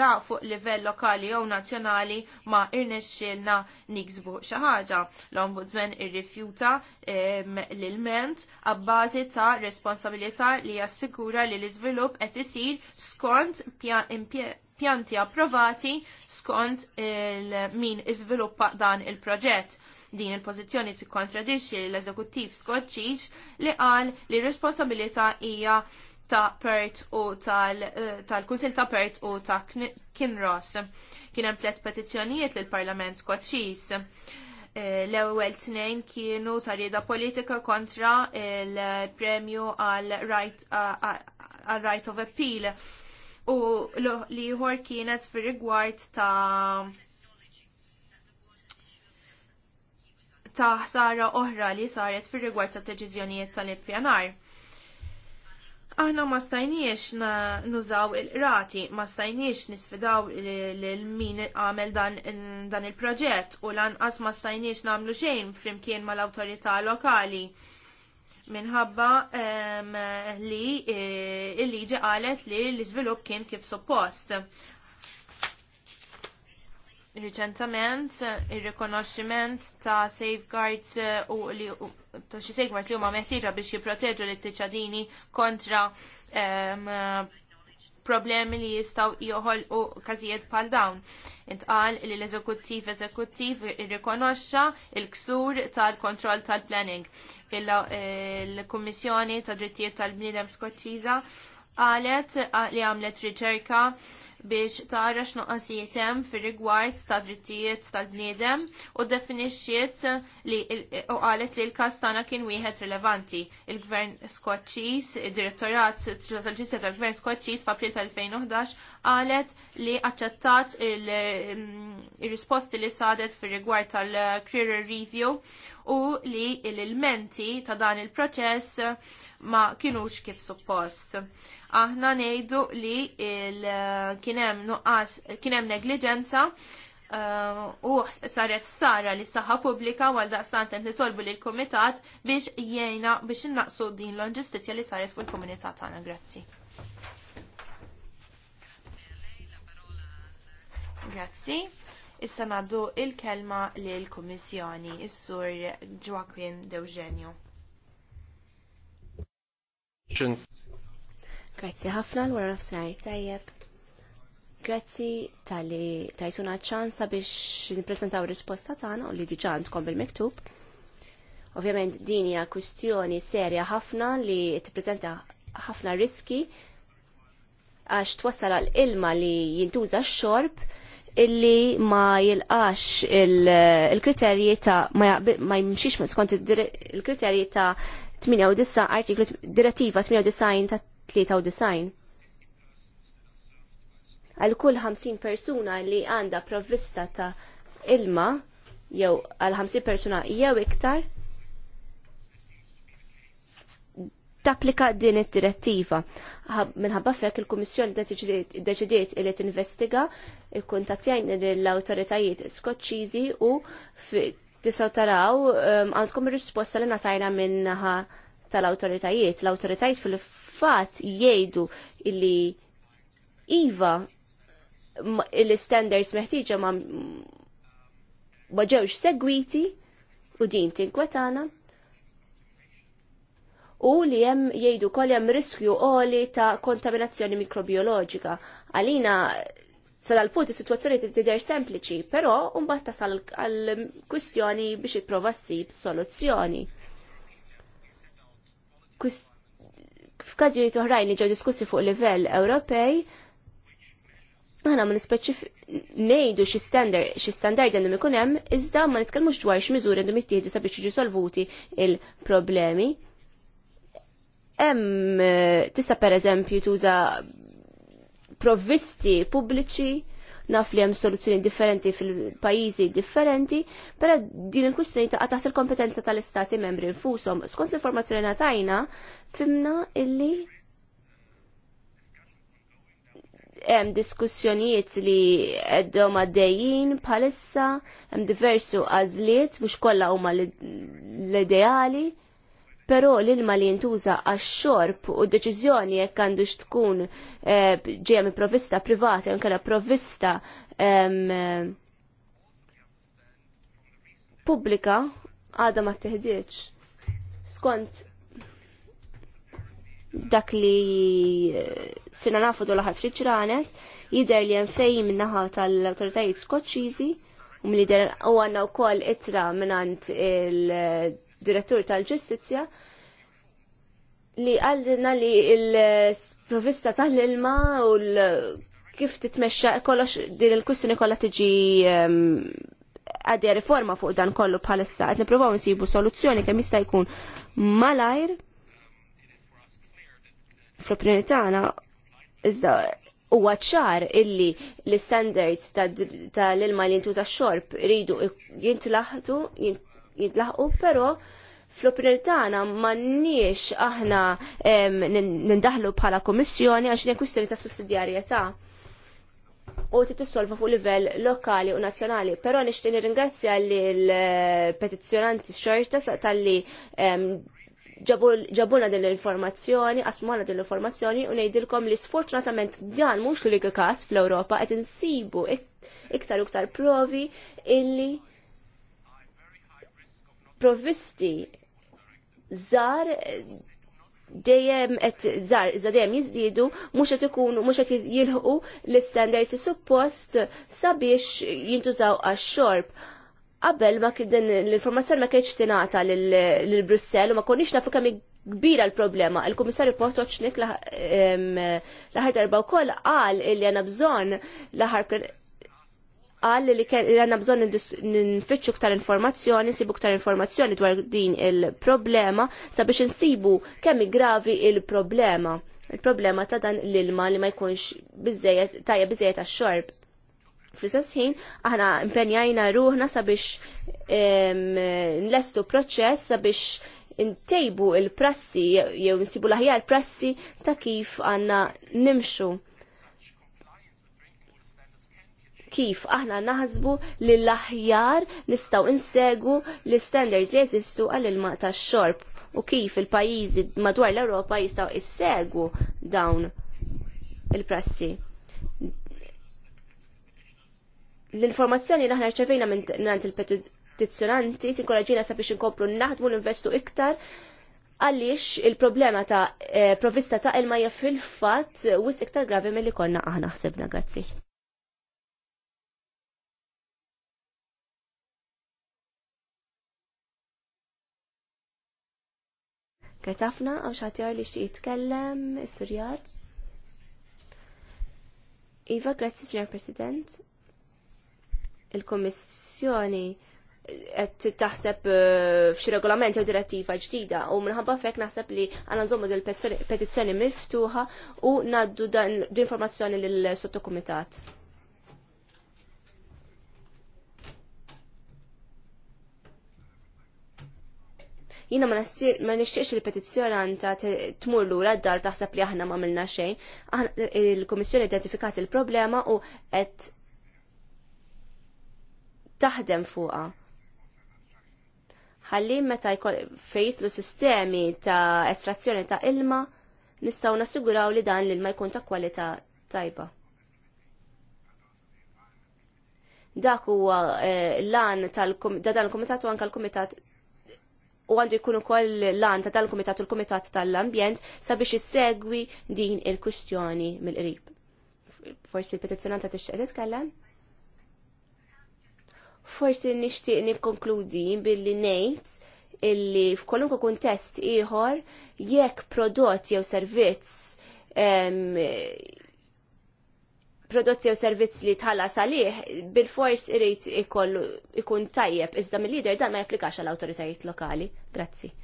la fuq livell lokali jew nazzjonali ma irnexxilna niksbu xi ħaġa. L-Ombudsman irrifjuta ehm, l-ilment għabbażi ta' responsabilità li jassikura li l-iżvilupp qed isir skont pjanti approvati skont il-min iżviluppa dan il-proġett Din il-pożizzjoni tikkontradixxi l-eżekuttiv skoċċiċ li qal li r-responsabilità hija ta' Pert u eh, tal-Kunsil ta' Pert u ta' Kinross. Kien hemm tliet petizzjonijiet lill parlament Skoċċiż. Eh, l-ewwel tnejn kienu ta' rieda politika kontra il-premju għal right of appeal u l-ieħor kienet fir rigward ta' ta' ħsara oħra li saret fir rigward ta' deċiżjonijiet tal-ippjanar. Aħna ma stajniex nużaw il-qrati, ma stajniex nisfidaw l-min għamel dan il-proġett u lanqas ma stajniex namlu xejn flimkien mal-awtorità lokali minħabba li eh, il-liġi qalet li l-iżvilupp kien kif suppost riċentament ir-rikonoxximent ta' safeguards uh, u li ta' xie safeguards li huma meħtieġa biex jipproteġu lit tiċadini kontra um, problemi li jistaw joħol u kazijiet pal dawn. Intqal li l-eżekuttiv eżekuttiv irrikonoxxa il-ksur tal-kontroll tal-planning. Il-Kummissjoni ta' Drittijiet tal-Bniedem Skoċċiża qalet li għamlet riċerka biex tara x'nuqqasijiet hemm fir-rigward ta' drittijiet tal-bniedem u definixxiet li u qalet li l-każ tagħna kien wieħed rilevanti. Il-Gvern Skoċċiż, id-Direttorat tal ġustizzja tal-Gvern Skoċċiż f'April tal-2011 qalet li aċċettat il-risposti mm, li sadet fir-rigward tal-Career Review u li l-ilmenti ta' dan il-proċess ma kienux kif suppost. Aħna ngħidu li il kienem nuqqas, kienem negliġenza uh, u saret sara li saħħa publika għal daqsant li tolbu li l-komitat biex jgħina biex innaqsu din l-ġustizja li saret fuq il-komunità tagħna. Grazzi. Grazzi. Issa naddu il-kelma lil kummissjoni is-sur Joaquin Deugenio. Grazzi ħafna l-wara f'sar tajjeb. Grazzi tal-li tajtuna ċansa biex nipresentaw risposta tagħna u li diġà għandkom bil-miktub. Ovvjament din hija kwistjoni serja ħafna li tippreżenta ħafna riski għax twassal għal ilma li jintuża x-xorb illi ma jilqax il-kriterji ta' ma jimxiex skont il-kriterji ta' 98 artiklu direttiva 98 ta' 93 għal kull 50 persuna li għandha provvista ta' ilma jew għal 50 persuna jew iktar tapplika din id-direttiva. Minħabba fek il-Kummissjoni deċidiet li tinvestiga il kontazzjajn l-autoritajiet skoċċiżi u tisaw taraw um, għandkom risposta li natajna minnaħa tal-autoritajiet. L-autoritajiet fil-fat jgħidu illi Iva il-standards meħtieġa ma ma ġewx segwiti u din tinkwetana u li hemm jgħidu kol hemm riskju qoli ta' kontaminazzjoni mikrobioloġika. Għalina sal-punt is-sitwazzjoni tidher sempliċi, però mbagħad tasal għal kwistjoni biex ipprova ssib soluzzjoni. F'każijiet oħrajn li ġew diskussi fuq livell Ewropej, Aħna ma nispeċif nejdu xi standard xi standard għandhom ikun hemm, iżda ma nitkellmux dwar xi miżuri għandhom jittieħdu sabiex jiġu solvuti il-problemi. Hemm eh, tista' pereżempju tuża provvisti pubbliċi naf li hemm soluzzjoni differenti fil-pajjiżi differenti, però din il-kwistjoni taqa' taħt il-kompetenza tal-istati membri nfushom. Skont l-informazzjoni ngħatajna, fimna illi hemm diskussjonijiet li għeddhom għaddejjin bħalissa hemm diversu għażliet mhux kollha huma l-ideali, però l-ilma li jintuża għax-xorb u d-deċiżjoni jekk għandux tkun eh, ġejja minn provvista privata jew kellha provvista ehm, pubblika għadha ma teħdiġ skont dak li eh, sena nafu dola ħarf ċranet, jider li jenfej minnaħa tal-autoritajiet skoċċiżi, u mill-lider u għanna u kol itra minnant il-direttur tal-ġustizja, li għaldina li il-provista tal-ilma u kif titmexxa kollox din il-kwistjoni kollha tiġi ehm, għadja riforma fuq dan kollu bħalissa qed nippruvaw nsibu soluzzjoni kemm jista' jkun malajr fl-opinjoni tagħna iżda huwa ċar illi l-standards tal-ilma li jintuża xorb iridu jintlaħtu jintlaħqu però fl-opinjoni tagħna m'għandniex aħna nindaħlu bħala Kummissjoni għax hija kwistjoni ta' sussidjarjetà u titissolva fuq livell lokali u nazzjonali. Però nixtieni ringrazzja lill eh, petizzjonanti xorta tal-li ġabuna din l-informazzjoni, asmona din l-informazzjoni u ngħidilkom li sfortunatament dan mhux li każ fl-Ewropa qed insibu iktar u iktar provi illi provisti żar dejjem qed żar iżda dejjem jiżdiedu mhux qed ikunu mhux qed jilħqu l-istandards suppost sabiex jintużaw għax-xorb qabel ma kien l-informazzjoni ma kienx tingħata lil Brussell u ma konniex nafu kemm kbira l-problema. Il-Kummissarju Potoċnik l-aħħar darba wkoll qal li għandna bżonn l-aħħar qal li għandna bżonn ninfittxu ktar informazzjoni, nsibu ktar informazzjoni dwar din il-problema sabiex insibu kemm gravi il-problema. Il-problema ta' dan l-ilma li ma jkunx tajja biżejjed għax-xorb. Fl-istess ħin, aħna impenjajna ruħna sabiex nlestu proċess sabiex ntejbu il-prassi jew nsibu l-aħjar prassi ta' kif għanna nimxu. Kif aħna naħsbu li l-aħjar nistaw insegu l-standards li jeżistu għall-ilma ta' xorb u kif il-pajizi madwar l-Europa jistaw issegu dawn il-prassi L-informazzjoni li aħna rċevejna minn il-petizzjonanti tinkoraġina sabiex inkomplu naħdmu l-investu iktar għaliex il-problema ta' eh, provvista ta' il hija fil-fatt wis iktar gravi mill-li konna aħna ħsebna grazzi. Għetafna, għaw xatjar li xie jitkellem, surjar. Iva, grazzi, Signor President il-Kommissjoni qed taħseb eh, f'xi regolament jew direttiva ġdida u minħabba fek naħseb li għandna nżommu dil petizzjoni miftuħa u ngħaddu dan l-informazzjoni lil sottokumitat. Jina ma nixtieqx il petizzjoni għanta tmur lura d-dar taħseb li aħna ma xejn. Il-Kummissjoni identifikat il-problema u qed taħdem fuqha. Ħalli meta jkun fejtlu sistemi ta' estrazzjoni ta' ilma nistgħu nassiguraw li dan l-ilma jkun ta' kwalità tajba. Dak huwa l-lan eh, tal-komitatu anke l-komitat u għandu jkun ukoll lan ta' tal-Kumitat u l-Kumitat tal-Ambjent sabiex issegwi din il-kwistjoni mill-qrib. Forsi l-petizzjonanta tixtieq titkellem? Forsi nixtieq nikkonkludi billi ngħid illi f'kolunku kuntest ieħor jekk prodott jew servizz prodotti jew servizz li tħalla salih bil-fors irrit ikun tajjeb, iżda mill-lider dan ma japplikax għall awtoritajiet lokali. Grazzi.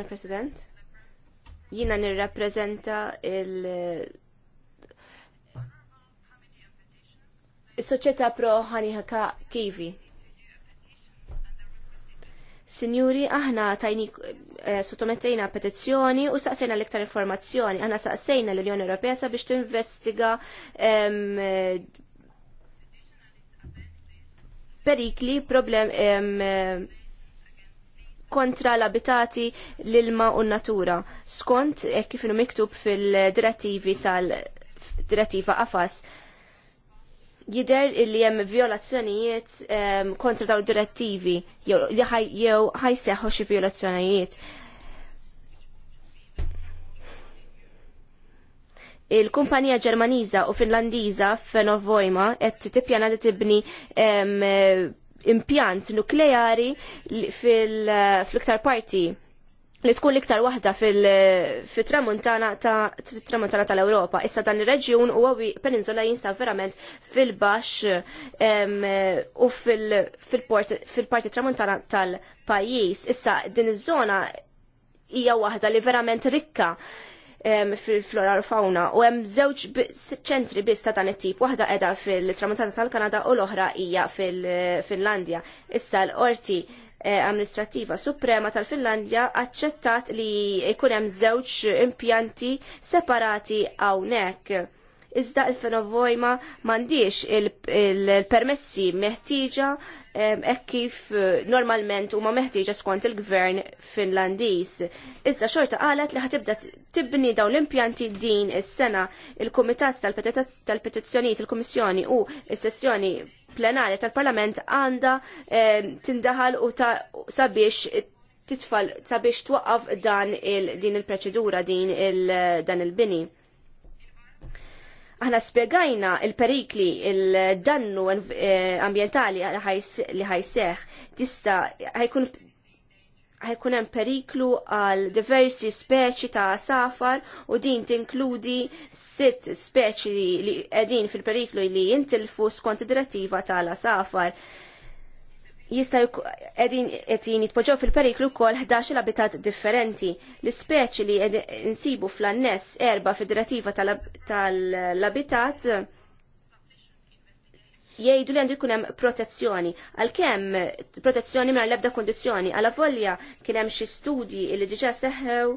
Mr. President. Jina nirrapprezenta il- soċjetà pro Haniħaka Kivi. Sinjuri, aħna tajni eh, sottomettejna petizzjoni u saqsejna l-iktar informazzjoni. Aħna saqsejna l-Unjoni Ewropea sabiex tinvestiga eh, perikli problem ehm, kontra l-abitati l-ilma u n-natura. Skont eh, kif miktub fil-direttivi tal-direttiva AFAS jider li jem violazzjonijiet um, kontra daw direttivi jew ħajseħħu xi violazzjonijiet. Il-kumpanija Ġermaniża u Finlandiża Fenovojma qed tippjana li tibni um, impjant nukleari fil-iktar eh, parti li tkun l-iktar waħda fil-tramuntana eh, tramuntana fil tal europa Issa dan ir-reġjun huwa peninsula jinsta verament fil-baxx eh, u fil-parti tramuntana tal-pajjiż. Issa din iż-żona hija waħda li verament rikka fil-flora u fauna u hemm żewġ ċentri biss ta' dan it-tip, waħda qiegħda fil-tramuntana tal-Kanada u l-oħra hija fil-Finlandja. Issa l-qorti eh, amministrativa suprema tal-Finlandja aċċettat li jkun hemm żewġ impjanti separati hawnhekk iżda il-fenovojma mandiex il-permessi meħtieġa hekk e kif eh, normalment huma meħtieġa skont il-gvern Finlandiż. Iżda xorta qalet li ħatibda tibni dawn l-impjanti din is-sena il-Kumitat tal-Petizzjonijiet il-Kummissjoni u s-sessjoni plenarja tal-Parlament għandha tindaħal u sabiex titfal sabiex twaqqaf dan il din il-proċedura din il dan il-bini. Aħna spiegajna il-perikli, il-dannu eh, ambientali li ħajseħ tista ħajkun ħajkun hemm periklu għal diversi speċi ta' safar u din tinkludi sitt speċi li qegħdin fil-periklu li jintilfu skont id-direttiva tal-safar jistaj edin edin jitpoġaw fil-periklu kol 11 abitat differenti. L-speċi li insibu fl-annes erba federativa tal-abitat jgħidu li għandu jkun hemm protezzjoni. Għalkemm protezzjoni mingħajr l-ebda kondizjoni, għal volja kien hemm xi studji li diġà seħħew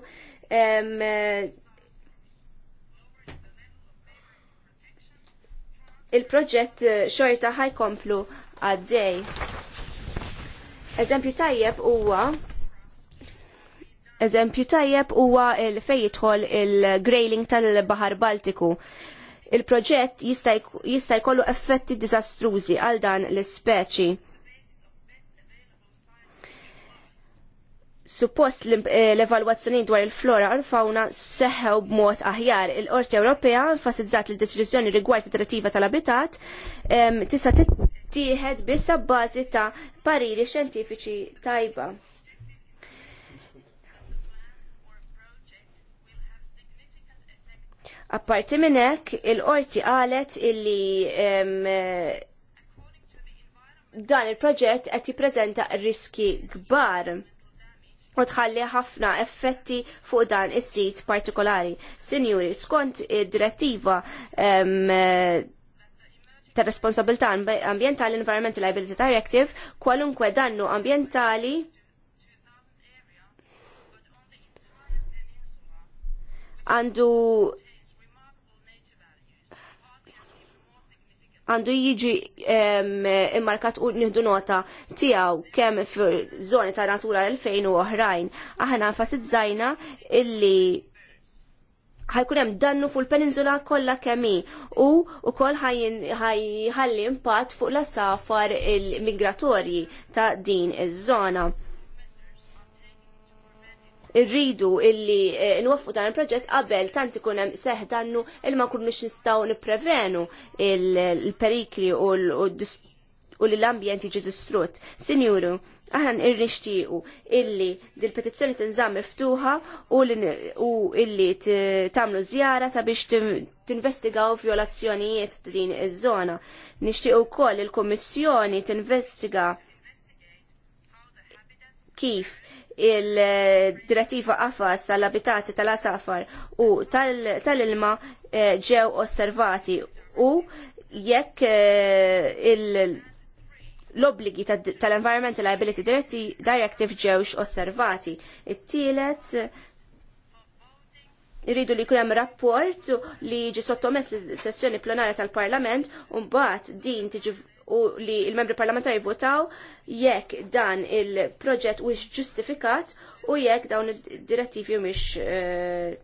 il-proġett xorta ħajkomplu għaddej. Eżempju tajjeb huwa Eżempju tajjeb huwa fejn jidħol il-grailing tal-Bahar Baltiku. Il-proġett jista' jkollu effetti diżastrużi għal dan l-ispeċi. suppost eh, l-evalwazzjoni dwar il-flora u l-fauna seħħew b'mod aħjar. Il-Qorti Ewropea fasizzat l deċiżjoni rigward it-trattiva tal-abitat tista' Tieħed biss bbażi ta' pariri xjentifiċi tajba. Apparti minn hekk, il-qorti qalet illi um, dan il-proġett qed jippreżenta riski kbar u tħalli ħafna effetti fuq dan is-sit partikolari. Sinjuri, skont id-direttiva um, ta' responsabilità ambientali Environmental Liability Directive kwalunkwe dannu ambientali għandu għandu jiġi immarkat u nieħdu nota tiegħu kemm f'żoni ta' natura l-fejn u oħrajn. Aħna zajna illi ħajkun hemm dannu fuq il-peninsula kollha kemm u wkoll ħajħalli impatt fuq l-safar il-migratorji ta' din iż-żona. Irridu illi eh, nwaffu dan il-proġett qabel tant ikun hemm seħ dannu il ma nkunux nistgħu nipprevenu il-perikli u l-ambjent jiġi distrutt. Sinjuru, Aħna nirrixtiequ illi dil-petizzjoni tinżamm miftuħa u illi tagħmlu żjara sabiex tinvestigaw violazzjonijiet din iż-żona. Nixtiequ wkoll il-Kummissjoni tinvestiga kif il-direttiva qafas tal-abitati tal-asafar u tal-ilma eh, ġew osservati u jekk eh, il- l-obbligi tal-Environmental Liability Directive ġewx osservati. It-tielet irridu li kunem rapport li ġi sottomess l-sessjoni plenarja tal-Parlament un bat din tiġi u li il-membri parlamentari votaw jekk dan il-proġett u ġustifikat u jekk dawn id-direttivi mhix eh,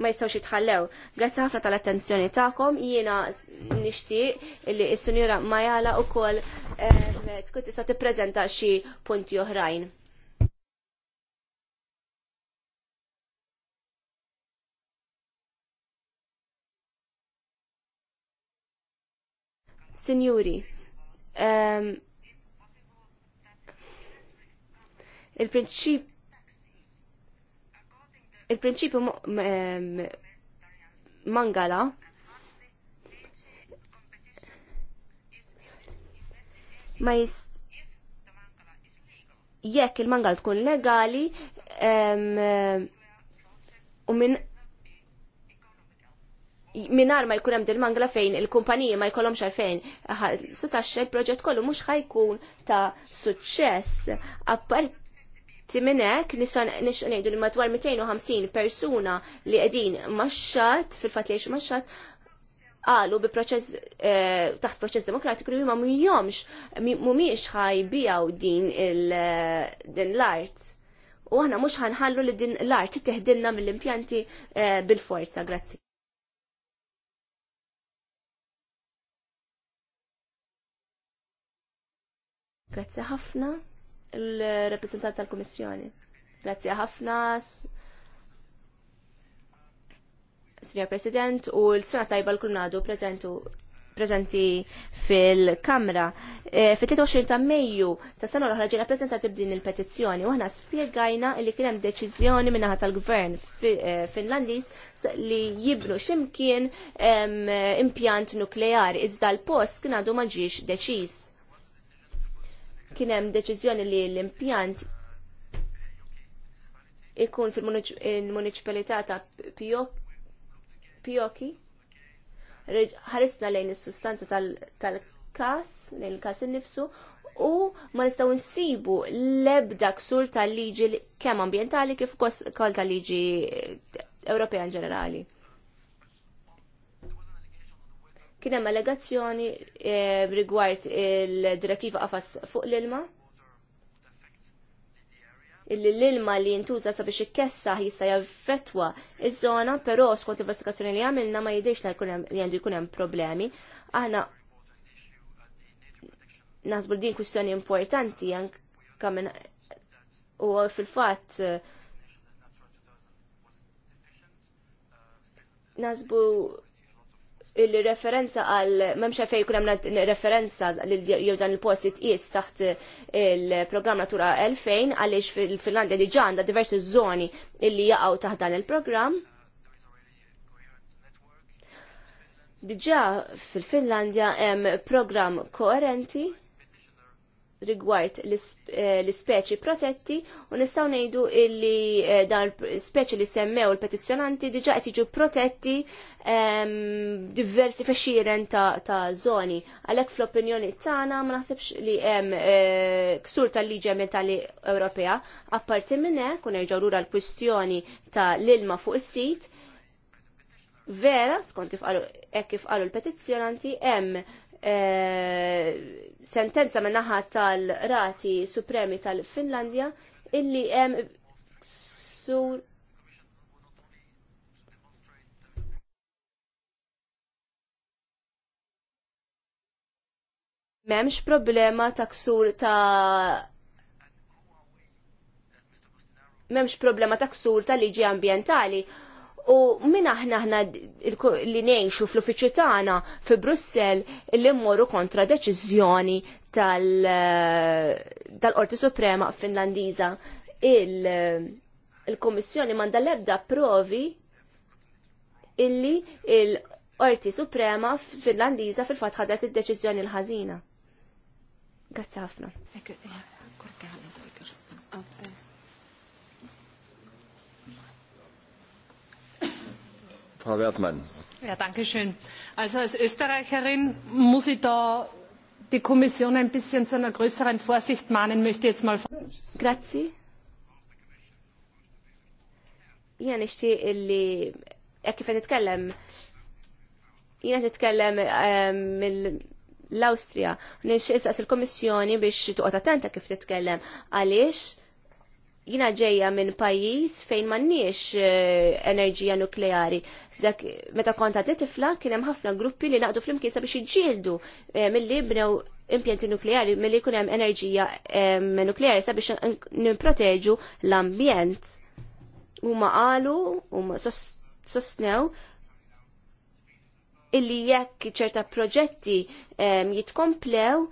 ma jistawx jitħallew. Grazzi ħafna tal-attenzjoni ta'kom, jiena nixtieq li s-sunjura Majala u koll eh, tkun tista' tippreżenta xi punti oħrajn. Signori, ehm, il-prinċip Il-prinċipju mangala ma jis jekk il-mangal tkun legali u minn minar ma jkun hemm din mangla fejn il-kumpaniji ma jkollhom x'arfejn. Su taxxa il-proġett kollu mhux ħajkun ta' suċċess apparti Timinek nix ngħidu li madwar 250 persuna li qegħdin maċċat, fil-fatt jgħixu maċċat, qalu bi proċess eh, taħt proċess demokratiku li ma mumiex mhumiex ħajbijaw din l-art. U aħna mhux ħanħallu li din l-art teħdilna mill-impjanti eh, bil-forza, grazzi. Grazzi ħafna il-reprezentant tal-Komissjoni. Grazzi ħafna, Signor President, u l-sena tajba l-Kulnadu prezentu prezenti fil-Kamra. E, Fit-23 ta' Mejju ta' sena l-oħra ġiena prezentati b'din il-petizzjoni u aħna spjegajna li kien hemm deċiżjoni tal-Gvern e, Finlandiż li jibnu ximkien impjant nukleari iżda l-post kien għadu ma ġiex deċiż kien hemm deċiżjoni li l-impjant ikun fil-municipalità ta' Pjoki. Ħarisna lejn is-sustanza tal-kas, lejn il-kas innifsu, u ma nistgħu nsibu l-ebda ksur tal-liġi kemm ambjentali kif ukoll tal-liġi Ewropea in ġenerali. Kien hemm allegazzjoni eh, rigward il-direttiva qafas fuq l-ilma. Illi l-ilma li jintuża sabiex ikkessa jista' jaffettwa iż-żona, però skont investigazzjoni li għamilna ma jidhirx li għandu jkun hemm problemi. Aħna naħsbu din kwistjoni importanti anke minn u fil-fatt eh, nasbu il-referenza għal memxa fej kunem referenza jew dan il-post jitqis taħt il-programm Natura 2000 għaliex fil-Finlandja diġà għandha diversi żoni illi jaqgħu taħt dan il-programm. Diġà fil-Finlandja hemm programm koerenti rigward l-speċi eh, protetti u nistgħu ngħidu illi eh, dan speċi li semmew il-petizzjonanti diġa' qed jiġu protetti ehm, diversi fexieren ta' żoni. Għalhekk fl-opinjoni tagħna ma naħsibx li hemm eh, ksur tal-liġi ambientali Ewropea apparti minn hekk u nerġgħu lura l-kwistjoni ta' l-ilma fuq is-sit vera, skont kif qalu kif qalu l-petizzjonanti hemm Eh, sentenza minnaħa tal-rati supremi tal-Finlandja illi hemm sur Memx problema ta' ksur ta' memx problema ta' ksur ta' liġi ambientali U minn aħna ħna li nejxu fl-uffiċċju tagħna fi Brussell li mmorru kontra deċiżjoni eh, tal-Qorti Suprema Finlandiża. Eh, Il-Kommissjoni il manda lebda provi illi il-Qorti Suprema Finlandiża fil-fatt ħadet id-deċiżjoni l-ħażina. Grazzi ħafna. Frau Wertmann. Ja, danke schön. Also als Österreicherin muss ich da die Kommission ein bisschen zu einer größeren Vorsicht mahnen, möchte jetzt mal. Grazie. illi e kif nitkellem nitkellem ehm, mill-Awstrija il-Kommissjoni biex tuqgħod attenta kif titkellem għaliex jina ġeja minn pajis fejn mannix eh, enerġija nukleari. F'dak meta konta t tifla kien hemm ħafna gruppi li naqdu flimkien sabiex jiġġieldu eh, milli bnew impjanti nukleari milli jkun hemm enerġija nukleari sabiex nipproteġu l-ambjent. Huma qalu huma sostnew illi jekk ċerta proġetti jitkomplew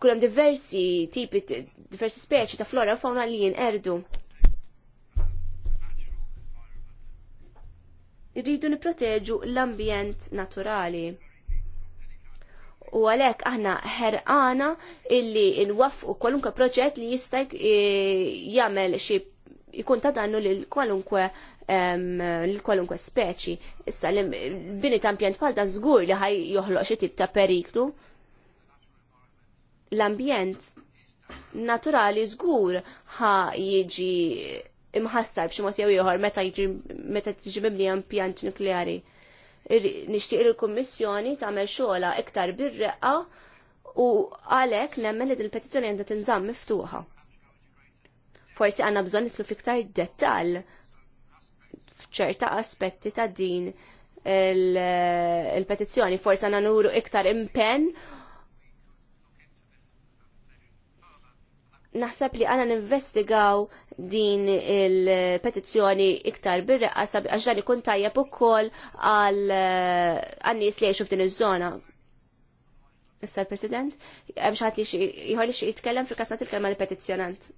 kullem diversi tipi, diversi speċi ta' flora u fauna li jinqerdu. Irridu niproteġu l-ambjent naturali. U għalek aħna ħerqana illi nwaffqu kwalunkwe proġett li jista' jagħmel xi jkun ta' dannu lil kwalunkwe lil kwalunkwe speċi. Issa l-bini ta' ambjent bħal dan żgur li ħaj joħloq xi tip ta' periklu l-ambjent naturali żgur ħa jiġi imħassar b'xi mod jew ieħor meta jiġi meta tiġi mibnija impjant nukleari. Nixtieq il-Kummissjoni tagħmel xogħla iktar bir u għalhekk nemmen li l petizzjoni għandha tinżamm miftuħa. Forsi għandna bżonn nitlu fiktar dettall f'ċerta aspetti ta' din il-petizzjoni, forsi għandna nuru iktar impenn naħseb li għana ninvestigaw din il-petizzjoni iktar birreqqa sabi għax dan ikun tajjeb ukoll għal eh, għanni jisli jgħixu f'din iż-żona. Issa l-President, hemm xi li jħolli jitkellem fil-kas il-kelma l-petizzjonant.